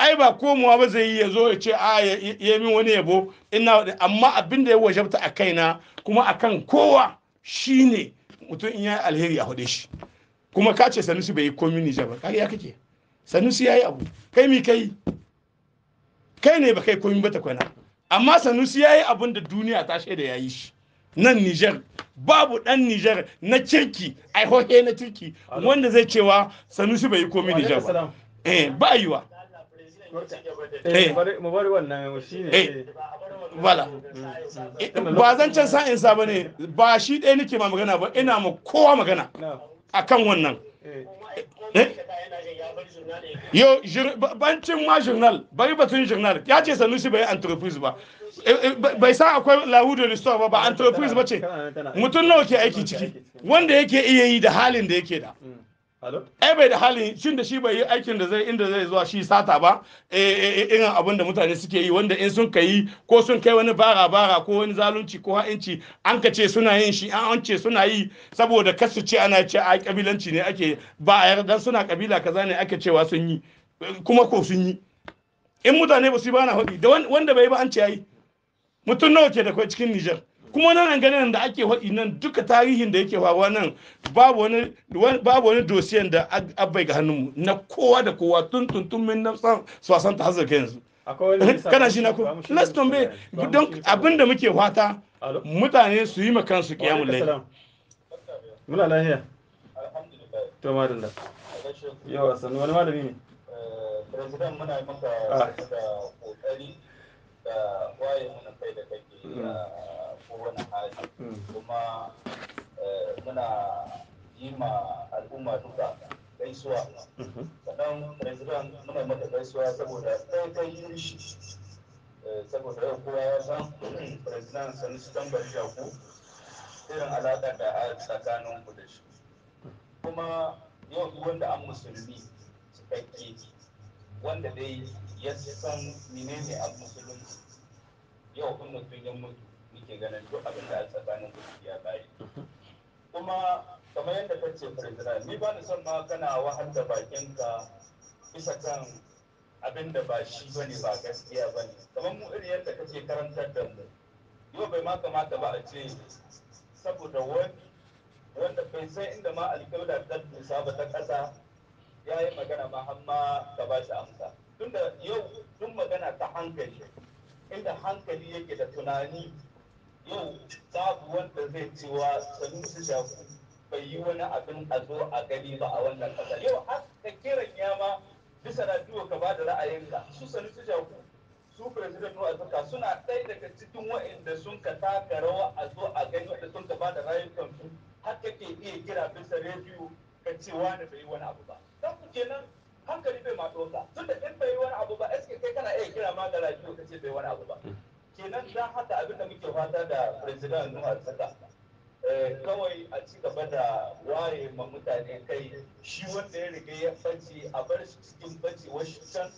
S2: ai ba komowa ba zai yi ya zo ya ce ah, a ya min wani yabo ina amma abin da ya wajabta a kaina kuma akan kowa shine mutum in ya alheri a hude shi kuma ka ce sanusi bai yi komi nijar ba ya kake sanusi ya yi abu kai mi kai kai ne ba kai komi ba ta kwana amma sanusi ya yi abin da duniya ta shaida ya yi shi nan niger babu dan niger na kirki aihohe na turki wanda zai cewa sanusi bai yi komi niger ba eh ba yiwa
S1: eh, eh. eh.
S2: ba zan can sa'in sa ba ne ba shi ɗaya nake ma magana ba ina ma kowa magana akan wannan
S1: Eh?
S4: yo
S2: bancin ma journal bari batun journal ya ce sanusi bai entreprise ba eh, eh, bai san akwai lahudu restore ba ba entreprise ba ce mutum nawa ke aiki ciki wanda yake iya yi da halin da yake da
S1: mm. ai
S2: eh, bai da halin shin da shi bai yi aikin da zai inda zai zuwa shi sata ba eh, eh, irin abin da mutane suke yi wanda in sun kai ko sun kai wani bara bara ko wani zalunci ko ha'inci an ka ce suna yin shi an ce suna yi saboda kasu ce ana ce a kabilanci ne ake ba a yarda suna kabila kaza ne ake cewa sun yi kuma ko sun yi in mutane ba su yi ba na haɗi da wanda bai ba an ce yi mutum nawa ke da cikin Nijar kuma nan an ganin da ake faɗi nan duka tarihin da yake faruwa nan babu wani babu wani dosiyan da abai ga hannunmu na kowa da kowa tun tun tun min na san ta hazar yanzu eh, kana shi na ku let's tombe don abin da muke fata mutane su yi ma kansu kiyamul lai muna lafiya
S1: to madalla
S5: yawa sanu wani malami ne president muna maka ah. da kokari da waye muna kai da
S1: kake mm.
S5: kowane hali hmm. kuma eh, muna yi ma al'umma duka gaisuwa mhm. sannan president muna mata gaisuwa saboda ɗaya ta yi shi eh, saboda yau kowa ya san president sani su tambar shaku irin alaƙar da a tsakanin ku da shi kuma yau wanda an musulmi cikakke wanda dai ya san menene a musulunci yau kun mutum ya mutu suke ganin duk abin da a tsakanin su ya kuma kamar yadda ka ce farfara ni ba ni son ma kana wahal da bakinka bisa kan abin da ba shi ba ne ba gaskiya ba ne kamar mu irin yadda kake karantar da mu yau bai ma kamata ba a ce saboda wani wanda bai san inda ma alƙibla ta dusa ba ta ƙasa ya yi magana ma har ma ka ba shi amsa tunda yau duk magana ta hankali inda hankali yake da tunani yau babu wanda zai cewa sanusi da bai yi wani abin a zo a gani ba a wannan kasa. yau har ka kiran ya ma bisa duwa ka ba da ra'ayinka su sanusi da su president a Afirka suna ɗaya daga cikin waɗanda sun ka taka rawa a zo a gani wanda sun ka ba da rayukansu har kake iya kira bisa rediyo ka ce wani bai yi wani abu ba. Dan ku kenan hankali bai ma ɗoka tunda in bai yi wani abu ba eske kai kana iya kira ma da radio ka ce bai wani abu ba. kenan don haka abin da muke fata da president nuhu saka eh, kawai a ci gaba da ware ma mutane kai shi wanda ya riga ya bace a bar shi cikin bace wasu can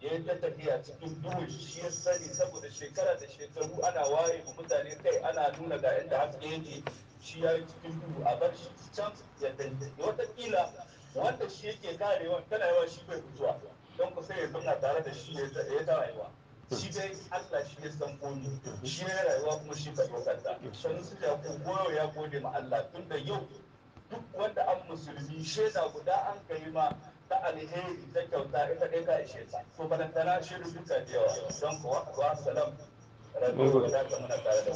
S5: ya yi ta tafiya cikin duhu shi ya sani saboda shekara da shekaru ana waye ma mutane kai ana nuna ga inda haske yake shi ya yi cikin duhu a bar shi can ya dande watakila wanda shi yake karewa tana yawa shi bai mutuwa don ku sai ya zauna tare da shi ya ta rayuwa. shi dai Allah shi ya san komi shi ne rayuwa kuma shi ka dokanta sanin su da ku goyo ya gode ma Allah tun da yau duk wanda an musulmi shaida guda an kai ma ta alheri ta kyauta ita ɗaya ka ishe ta to balantana shi duka da yawa don kuwa wa salam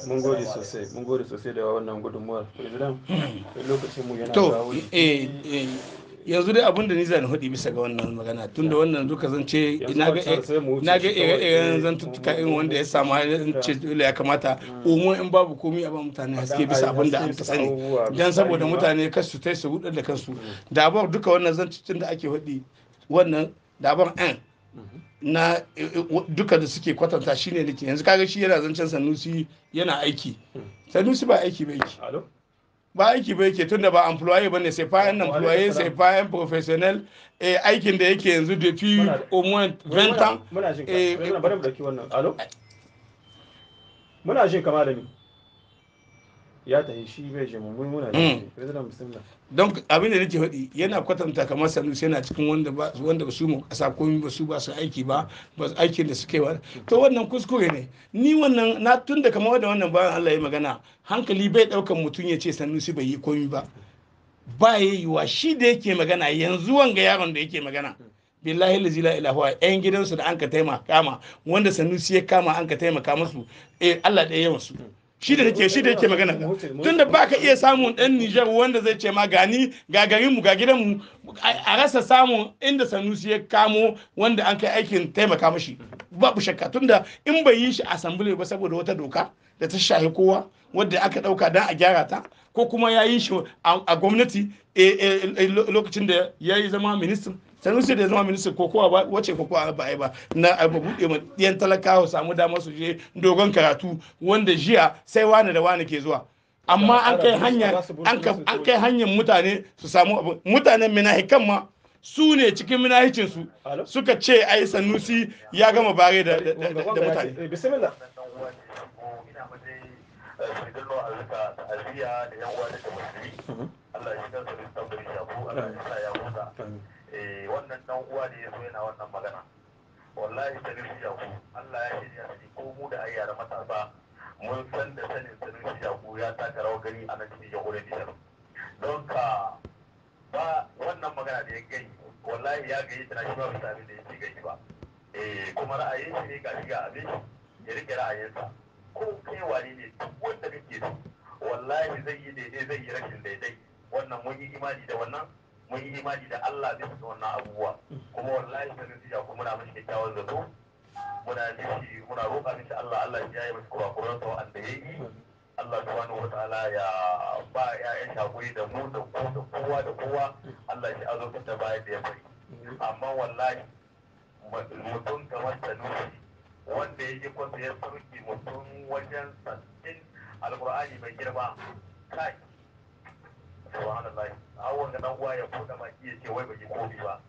S5: mun gode sosai
S1: mun gode sosai da wannan gudunmuwar president hmm. lokacin mu yana kawo
S2: yanzu dai abin da ni zan hudi bisa ga wannan magana tunda wannan duka zan ce na ga ire zan eh, zantuttuka irin wanda ya samu halin ce dole ya kamata umu hmm. in babu komi a ba mutane haske bisa abin da an ta sani dan saboda mutane kasu tai su hudar da kansu da ba duka wannan zan zantutun da ake hudi wannan da ban an hmm. na duka da suke kwatanta shine nake yanzu kaga shi yana zancen sanusi yana aiki hmm. sanusi ba aiki ba aiki ba aiki ba yake tunda ba employee ba ne sai fayan employee sai fayan professional eh, aikin da yake yanzu da fi au moins
S1: ans muna jin kama da ni ya tafi shi bai je mun muna da mm. bismillah don
S2: abin da nake faɗi yana kwatanta kamar sanusi yana cikin wanda ba wanda ba su mu kasa ba su ba su aiki ba ba su aikin da suke ba to wannan kuskure ne ni wannan na tunda kamar da wannan bayan Allah ya magana hankali bai daukan mutum ya ce sanusi bai yi komi ba ba yayyuwa shi da yake magana yanzu wanga yaron da yake magana billahi lazi la ilaha yan gidansu da an ka taimaka kama wanda sanusi ya kama an ka taimaka musu eh Allah ɗaya yawan su shi da take shi da yake magana tunda baka iya samun ɗan nijar wanda zai ce ma gani ga garinmu ga gidan mu a rasa samun inda Sanusi ya kamo wanda an kai aikin taimaka mashi babu shakka tunda in bai yi shi assembly ba saboda wata doka da ta shahi kowa wadda aka ɗauka dan a gyara ta ko kuma ya yi shi a gwamnati eh, eh, eh, lokacin da ya yi zama ministan sanusi da zama minista ko kowa wace ko kowa ba ba na a buɗe ma ɗiyan talakawa samu dama su je dogon karatu wanda jiya sai wani da wani ke zuwa amma an kai hanyar an kai hanyar mutane su samu abu mutanen kan ma su ne cikin minahicin su suka ce ai sanusi ya gama bare da mutane
S4: Allah eh, ya Eh, wannan dan uwa ne yaso yana wannan magana wallahi sanusi yaku Allah ya shirya shi ko mu da ayyara matasa mun san da sanin sanusi yaku ya taka rawar gani a nan cikin da shi don ka ba wannan magana da ya gai wallahi ya gayi tana shi ba bisa da da yake gai ba eh kuma ra'ayin shi ne ga shi ga abin ya rike ra'ayinsa ko kai wani ne duk wanda kake so wallahi zai yi daidai zai yi rashin daidai wannan mun yi imani da wannan mun yi imani da Allah bisa ga wannan abubuwa kuma wallahi da natija ko muna mishi kyakkyawan zato muna mishi muna roƙa mishi Allah Allah ya yi mishi kurakuran sa wanda ya yi Allah subhanahu wataala ya ba ya ƴaƴan shakuri da mu da ku da kowa da kowa Allah shi azurta da bayan da ya bari amma wallahi mutum kamar nufi. wanda ya ji kwanta ya sarki mutum wajen sassin alƙur'ani mai girma kai subhanallah a wanga dan uwa ya buɗe baki ya ce wai bai komi ba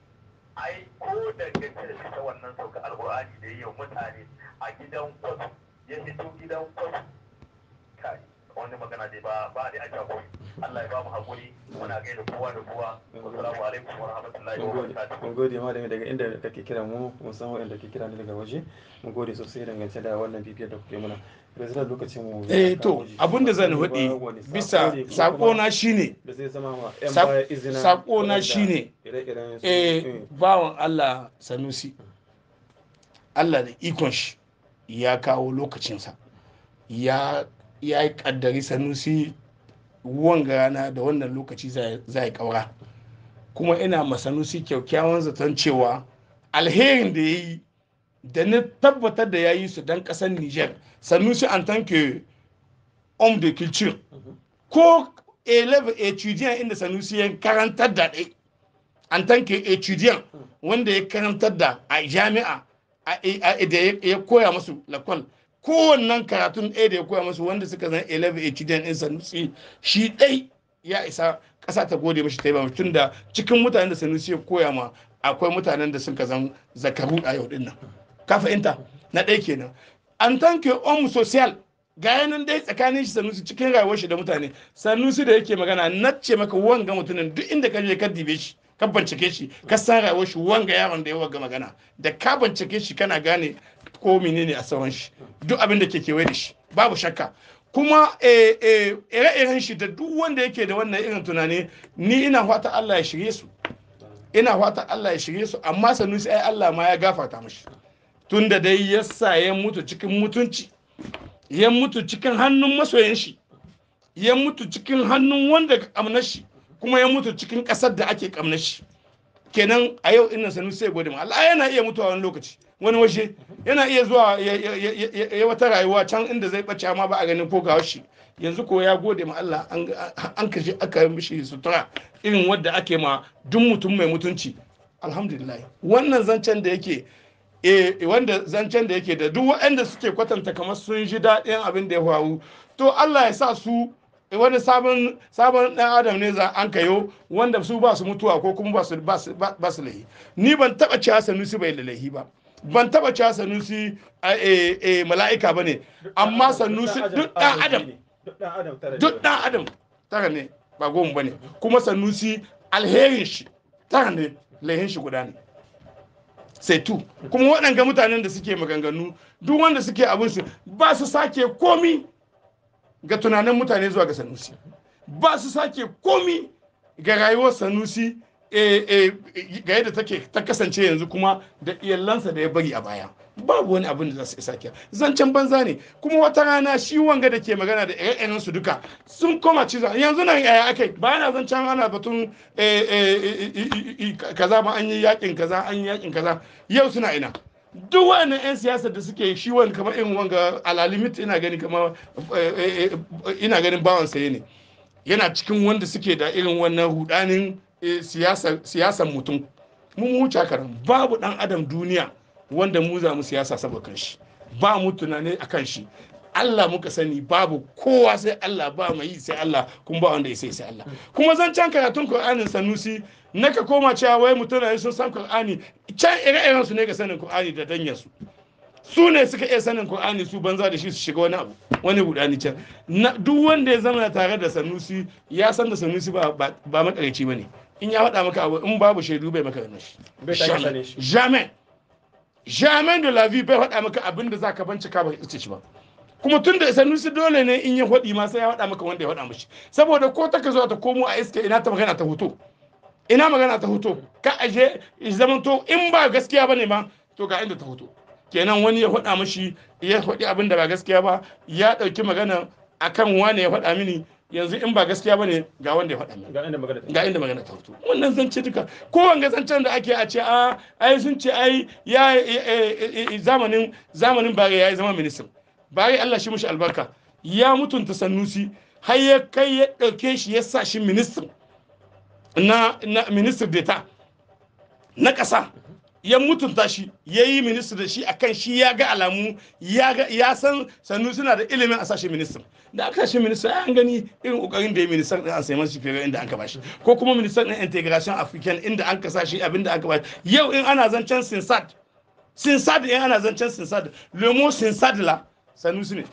S4: ai ko da gaske da ta wannan sauka alqur'ani da yau mutane a gidan kwasu ya fito gidan kwasu kai wani magana dai ba ba dai a jago Allah ya ba mu hakuri muna gaida kowa da kowa assalamu alaikum wa rahmatullahi
S1: wa barakatuh mun gode malami daga inda kake kira mu musamman inda kake kira ni daga waje mun gode sosai dangance da wannan bibiyar da kuke muna eh to abin da zan hudi bisa sakona shine sakona shine
S2: eh
S1: bawan Allah
S2: Sanusi Allah da ikon shi ya kawo lokacinsa ya ya kaddari Sanusi wanga rana da wannan lokaci za ya kaura kuma ina ma Sanusi kyakkyawan zaton cewa alherin da ya yi da na tabbatar da ya yi su don ƙasar niger sanusi an tanke homme de culture ko élève étudiant inda shi ya karantar da ɗai an tanke étudiant wanda ya karantar da a jami'a da ya koya masu lakwal kowannan karatun ɗaya da ya koya masu wanda suka zan élève étudiant in sanusi shi ɗai ya isa ƙasa ta gode mashi taimaka tun da cikin mutanen da sanusi ya koya ma akwai mutanen da sun ka zan zakaru a yau ɗin nan ka fahimta na ɗaya kenan an tanke homme social ga yanin dai tsakanin shi sanusi cikin rayuwar shi da mutane sanusi da yake magana na ce maka wanga mutumin duk inda ka je ka dibe shi ka bincike shi ka san rayuwar shi wanga yaron da ya ga magana da ka bincike shi kana gane ko menene a sauran shi duk abin da ke kewaye da shi babu shakka kuma eh, eh, ire-iren shi da duk wanda yake da wannan irin tunani ni ina fata Allah ya shirye su ina fata Allah ya shirye su amma sanusi ai Allah ma ya gafarta mishi tun da dai sa ya mutu cikin mutunci ya mutu cikin hannun masoyin shi ya mutu cikin hannun wanda ka kamna shi kuma ya mutu cikin ƙasar da ake kamna shi kenan a yau ina sanu sai gode ma yana iya mutuwa wani lokaci wani waje yana iya zuwa ya wata rayuwa can inda zai bace amma ba a ganin ko ga shi yanzu ko ya gode ma Allah an kashe aka mishi sutura irin wadda ake ma duk mutum mai mutunci alhamdulillah wannan zancen da yake e wanda zancen da yake da duk waɗanda suke kwatanta kamar sun ji daɗin abin da ya faru to Allah ya sa su eh, wani sabon sabon ɗan adam ne za an kayo wanda su ba su mutuwa ko kuma ba su lahi ni ban taba cewa sanusi bai da lahi ba ban taba cewa sanusi eh, mala'ika ba ne amma sanusi duk ɗan adam duk ɗan adam tara ne ba goma ba ne kuma sanusi alherin shi tara ne lahin shi guda ne sai tu kuma waɗanga mutanen da suke maganganu duk wanda suke abin su ba su sake komi ga tunanin mutane zuwa ga sanusi ba su sake komi ga rayuwar sanusi eh, eh, ga yadda ta kasance yanzu kuma da iyalansa da ya bari a baya babu wani abin da za su isa kiya zancen banza ne kuma wata rana shi wanga da ke magana da ƴaƴan su duka sun koma cizo yanzu nan yaya akai ba na zancen ana batun eh, eh, kaza ba an yi yakin kaza an yi yakin kaza yau suna ina duk wani 'yan siyasa da suke shi wani kamar irin wanga alalimit ina gani kamar eh, ina ganin bawan saye ne yana cikin wanda suke da irin wannan hudanin siyasar mutum mun wuce karan babu dan adam duniya wanda mu za mu siyasa saboda kan ba mu tunani a kan shi Allah muka sani babu kowa sai Allah ba mai yi sai Allah kuma ba wanda ya sai sai Allah kuma zan can karatun Qur'anin Sanusi naka koma cewa wai mutuna sun san Qur'ani can ire-iren su ne ga sanin kur'ani da danyar su su ne suka iya sanin kur'ani su banza da shi su shiga wani abu wani gudani can duk wanda ya zama tare da Sanusi ya san da Sanusi ba ba, makarici bane in ya faɗa maka abu in babu shaidu bai maka shi jamais jamin da lafi bai faɗa maka abin da zaka bincika ba ita ba kuma tun da isa nusi dole ne in ya faɗi ma sai ya faɗa maka wanda ya faɗa mishi saboda ko ta ka zo ta komo a iska ina ta magana ta hoto ina magana ta hoto ka aje zamanto in ba gaskiya bane ma to ga inda ta hoto kenan wani ya faɗa mishi ya faɗi abin da ba gaskiya ba ya ɗauki magana akan wane ya faɗa mini yanzu in ba gaskiya bane ga wanda ya faɗa ga inda magana ta fito wannan zance duka ko wanga zancen da ake a ce a ah, ai sun ce ai ya eh, eh, eh, zamanin zamanin bare ya zama ministan bare Allah shi mushi albarka ya mutunta Sanusi har ya kai ya dauke shi ya sa shi ministan na na minister d'etat na ƙasa ya mutunta shi ya yi minista da shi a kan shi ya ga alamu ya san sannu suna da ilimin a sashe ministan da aka ministan ya an gani irin kokarin da ya ministan da an sayi shi fiye inda an ka bashi ko kuma ministan na integration african inda an ka shi abinda an kaba bashi yau in ana zancen sinsad sinsad in ana zancen sinsad lemo sinsad la sanusi ne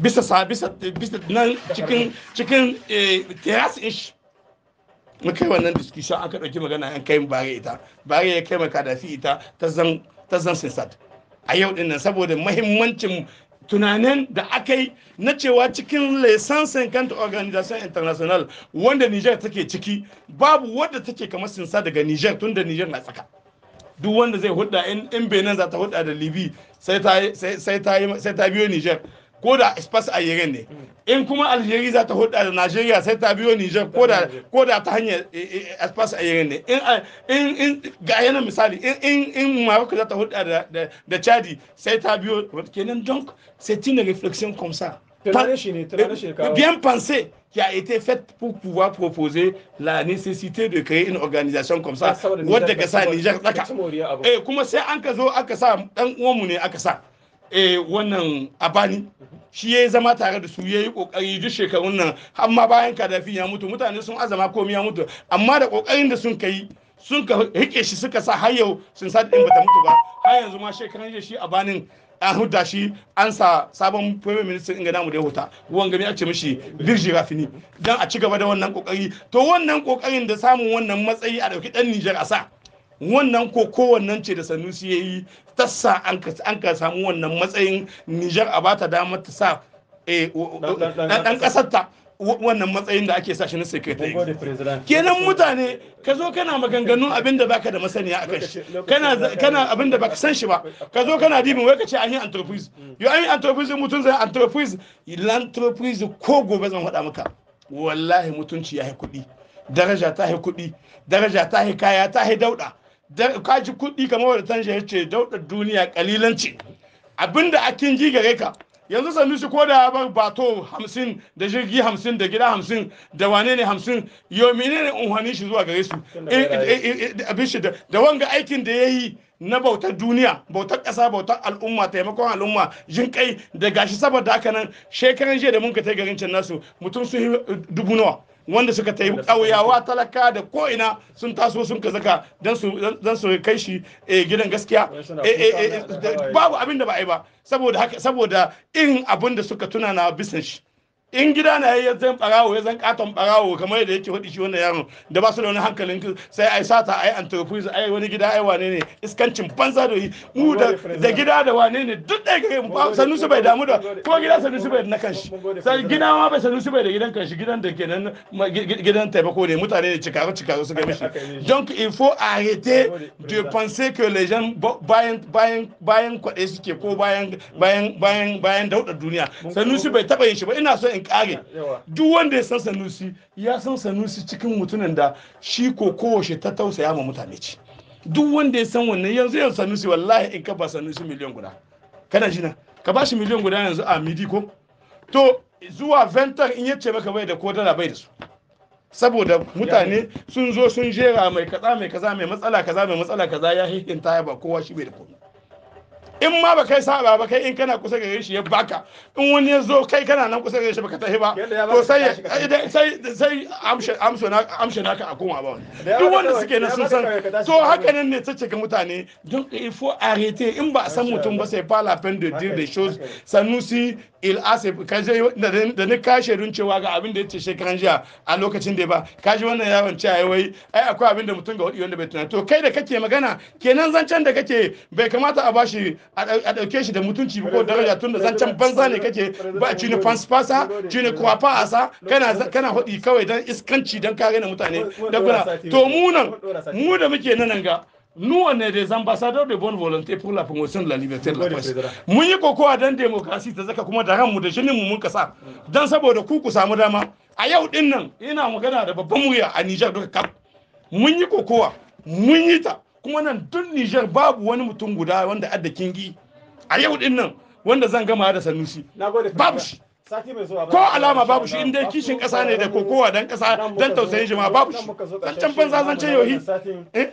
S2: bisa sa bisa bisa nan cikin cikin eh, teras ish mu kai wannan discussion aka ɗauki magana an kai bare ita bare ya kai maka dafi ita ta zan sinsat a yau din nan saboda mahimmancin tunanin da aka yi na cewa cikin lesansin kanta organization international wanda niger take ciki babu wadda take kamar sinsa daga niger tunda da niger na tsaka duk wanda zai hudda in benin za ta hudda da libi sai ta biyo niger ko da a algeria ne in kuma algeria za ta hudda da nigeria sai ta biyo niger ko da ta hanyar eh, eh, a algeria ne ah, in in ga yana misali in in in morocco za ta hudda da da chadi sai ta biyo kenan donc c'est une réflexion comme ça bien pensé qui a été faite pour pouvoir proposer la nécessité de créer une organisation comme ça wadda ka sa niger tsaka ah eh kuma sai an ka zo aka sa dan uwanmu ne aka sa eh wannan abani shi ya zama tare da su ya yi kokari duk shekarun nan har bayan kadafi ya mutu mutane sun azama komi ya mutu amma da kokarin da sun kai sun ka hike shi suka sa har yau sun sa din bata mutu ba har yanzu ma shekaran jiya shi abanin an huta shi an sa sabon premier minister inga namu da ya huta ruwan gami a ce mishi birji rafini dan a ci gaba da wannan kokari to wannan kokarin da samun wannan matsayi a ɗauki ɗan nijar a sa wannan ko kowannan ce da sanusi ya yi tassa an ka samu wannan matsayin nijar a bata damar ta sa ɗan eh, ƙasarta wannan matsayin da ake sa shi na secretary kenan mutane ka zo kana maganganun abin da baka da masaniya a shi kana abin da baka san shi ba ka zo kana dibin wai ka ce an yi entreprise mm. yau an yi entreprise mutum zai entreprise lantropoise ko gobe zan faɗa maka wallahi mutunci ya yi kuɗi daraja ta yi kuɗi daraja ta yi kaya ta yi dauɗa kaji kuɗi kamar wanda tanshi ya ce duniya kalilanci abinda akin ji gare ka yanzu sannu shi ko da bato hamsin da jirgi hamsin da gida hamsin da wane ne hamsin yau mene ne unhani shi zuwa gare su eh, eh, eh, shi da wanga aikin da ya yi na bautar duniya bautar ƙasa bautar al'umma taimakon al'umma jin kai da gashi saboda haka nan shekaran jiya da mun ka tai garin can nasu mutum su dubu nawa wanda suka ta yi ƙauyawa talaka da ko'ina sun taso sun ka zaka don su kai shi eh, gidan gaskiya eh, eh, babu abin da ba a yi ba saboda in abin da suka tuna na bisan shi in gida na yayi zan barawo ya zan katon barawo kamar yadda yake faɗi shi wannan yaron da ba su da wani hankalin sai ai sata ai entreprise ai wani gida ai wane ne iskancin banza da yi mu da gida da wane ne duk da gare mu sanu su bai damu da ko gida sanu su bai na kanshi sai gida ma bai sanu su bai da gidan kanshi gidan da ke nan gidan taimako ne mutane ne cikaru cikaru ga mishi donc il faut arrêter de penser que les gens bayan bayan bayan kwade suke ko bayan bayan bayan bayan dauɗa duniya sanu su bai taɓa yin shi ba ina so in kare duk wanda ya san sanusi ya san sanusi cikin mutunan da shi ko kowace ta tausaya ma mutane ci duk wanda ya san wannan yanzu yanzu sanusi wallahi in ka ba sanusi miliyan guda kana jina ka ba shi miliyan guda yanzu a midi ko to zuwa ventar in yace maka bai da ko bai da su saboda mutane sun zo sun jera mai kaza mai kaza mai matsala kaza mai matsala kaza ya hihinta ya ba kowa shi bai da komai in ma ba kai saba ba kai in kana kusa gare shi ya baka in wani ya zo kai kana nan kusa gare shi baka tafi ba to sai sai sai amshe na amshe na a koma ba duk wanda suke na sun san to haka nan ne ta cika mutane don il faut arrêter in ba san mutum ba sai pas la peine de dire des choses sanusi il a je da ni kashe run cewa ga abin da yace kan jiya a lokacin da ba kaji wannan yaron ce ai wai ai akwai abin da mutum ga wadi wanda bai tunani to kai da kake magana kenan zancen da kake bai kamata a bashi a ɗauke shi da mutunci ko daraja tun da zancen banza ne kake ba ci ni fansfasa ci ni kwafa asa kana kana hudi kawai dan iskanci dan kare na mutane da kuna to mu nan mu da muke nan ga nous on est des ambassadeurs de bonne volonté pour la promotion de la liberté de la presse mun yi kokowa dan demokrasi ta zaka kuma da ranmu da shinin mu mun kasa dan saboda ku ku samu dama a yau din nan ina magana da babban murya a Niger duka kap mun yi kokowa mun yi ta kuma nan duk Nijar babu wani mutum guda wanda adda kingi a yau din nan wanda zan gama da Sanusi babu shi
S1: ko alama babu shi inda kishin kasa ne da kokowa dan kasa dan tausayin jama'a babu shi dan can banza zan ce yohi eh?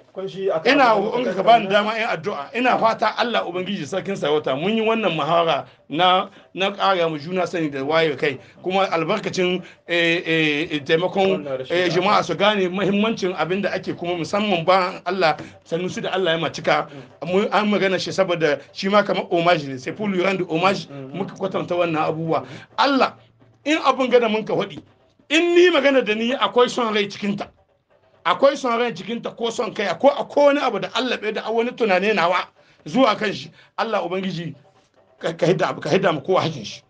S1: ina in ka bani dama
S2: in addu'a ina fata Allah ubangiji sarkin sarauta mun yi wannan muhawara na na ƙara mu juna sani da waye kai kuma albarkacin eh, eh, eh, taimakon jama'a su gane mahimmancin abin da ake kuma musamman ba Allah sannu su da Allah ya macika mm. an magana shi saboda shi ma kamar homage ne sai fulu yuran da homage muka kwatanta wannan abubuwa Allah in abin gada mun ka faɗi in ni magana da ni akwai son rai cikinta akwai son rai cikinta ko son kai ko akwai wani abu da Allah bai da wani tunane nawa zuwa kan shi Allah ubangiji ka hidda mu kowa hakin shi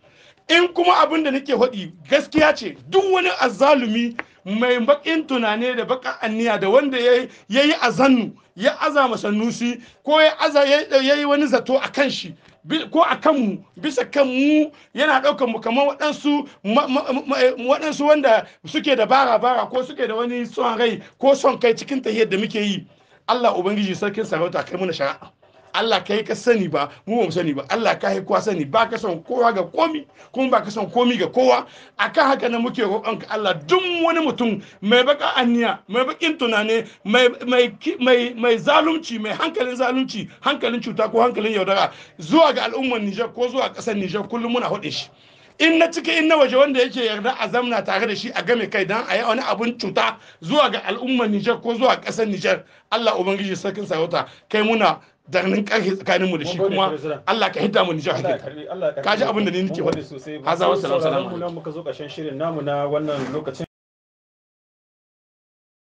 S2: in kuma abin da nake faɗi gaskiya ce duk wani azalumi mai bakin tunani da bakan anniya da wanda ya yi azannu ya aza sannusi ko ya yi wani zato a kan shi ko a kanmu bisa kan mu yana daukan mu kamar waɗansu eh, waɗansu wanda suke da bara bara ko suke da wani son rai ko son kai cikin tahiyar da muke yi Allah Ubangiji sarkin sarauta kai muna shari'a Allah yi ka sani ba mu ba mu sani ba Allah ka kowa sani ba ka son kowa ga komi kuma ba ka son komi ga kowa a akan haka na muke roƙon ka Allah duk wani mutum mai baka aniya mai bakin tunane mai mai mai mai zalunci mai hankalin zalunci hankalin cuta ko hankalin yaudara zuwa ga al'ummar Nijar ko zuwa ƙasar Nijar kullum muna hode shi in na ciki in na waje wanda yake yarda a zamna tare da shi a game kai dan a yi wani abun cuta zuwa ga al'ummar Nijar ko zuwa ƙasar Nijar Allah ubangiji sarkin sarauta kai muna zarnin ƙarfi tsakanin mu da shi kuma Allah ka hidda mu nijar
S1: hakinka ka ji abin da ni nake faɗi hazawa salamu salamu muka zo ƙarshen shirin namu na wannan lokacin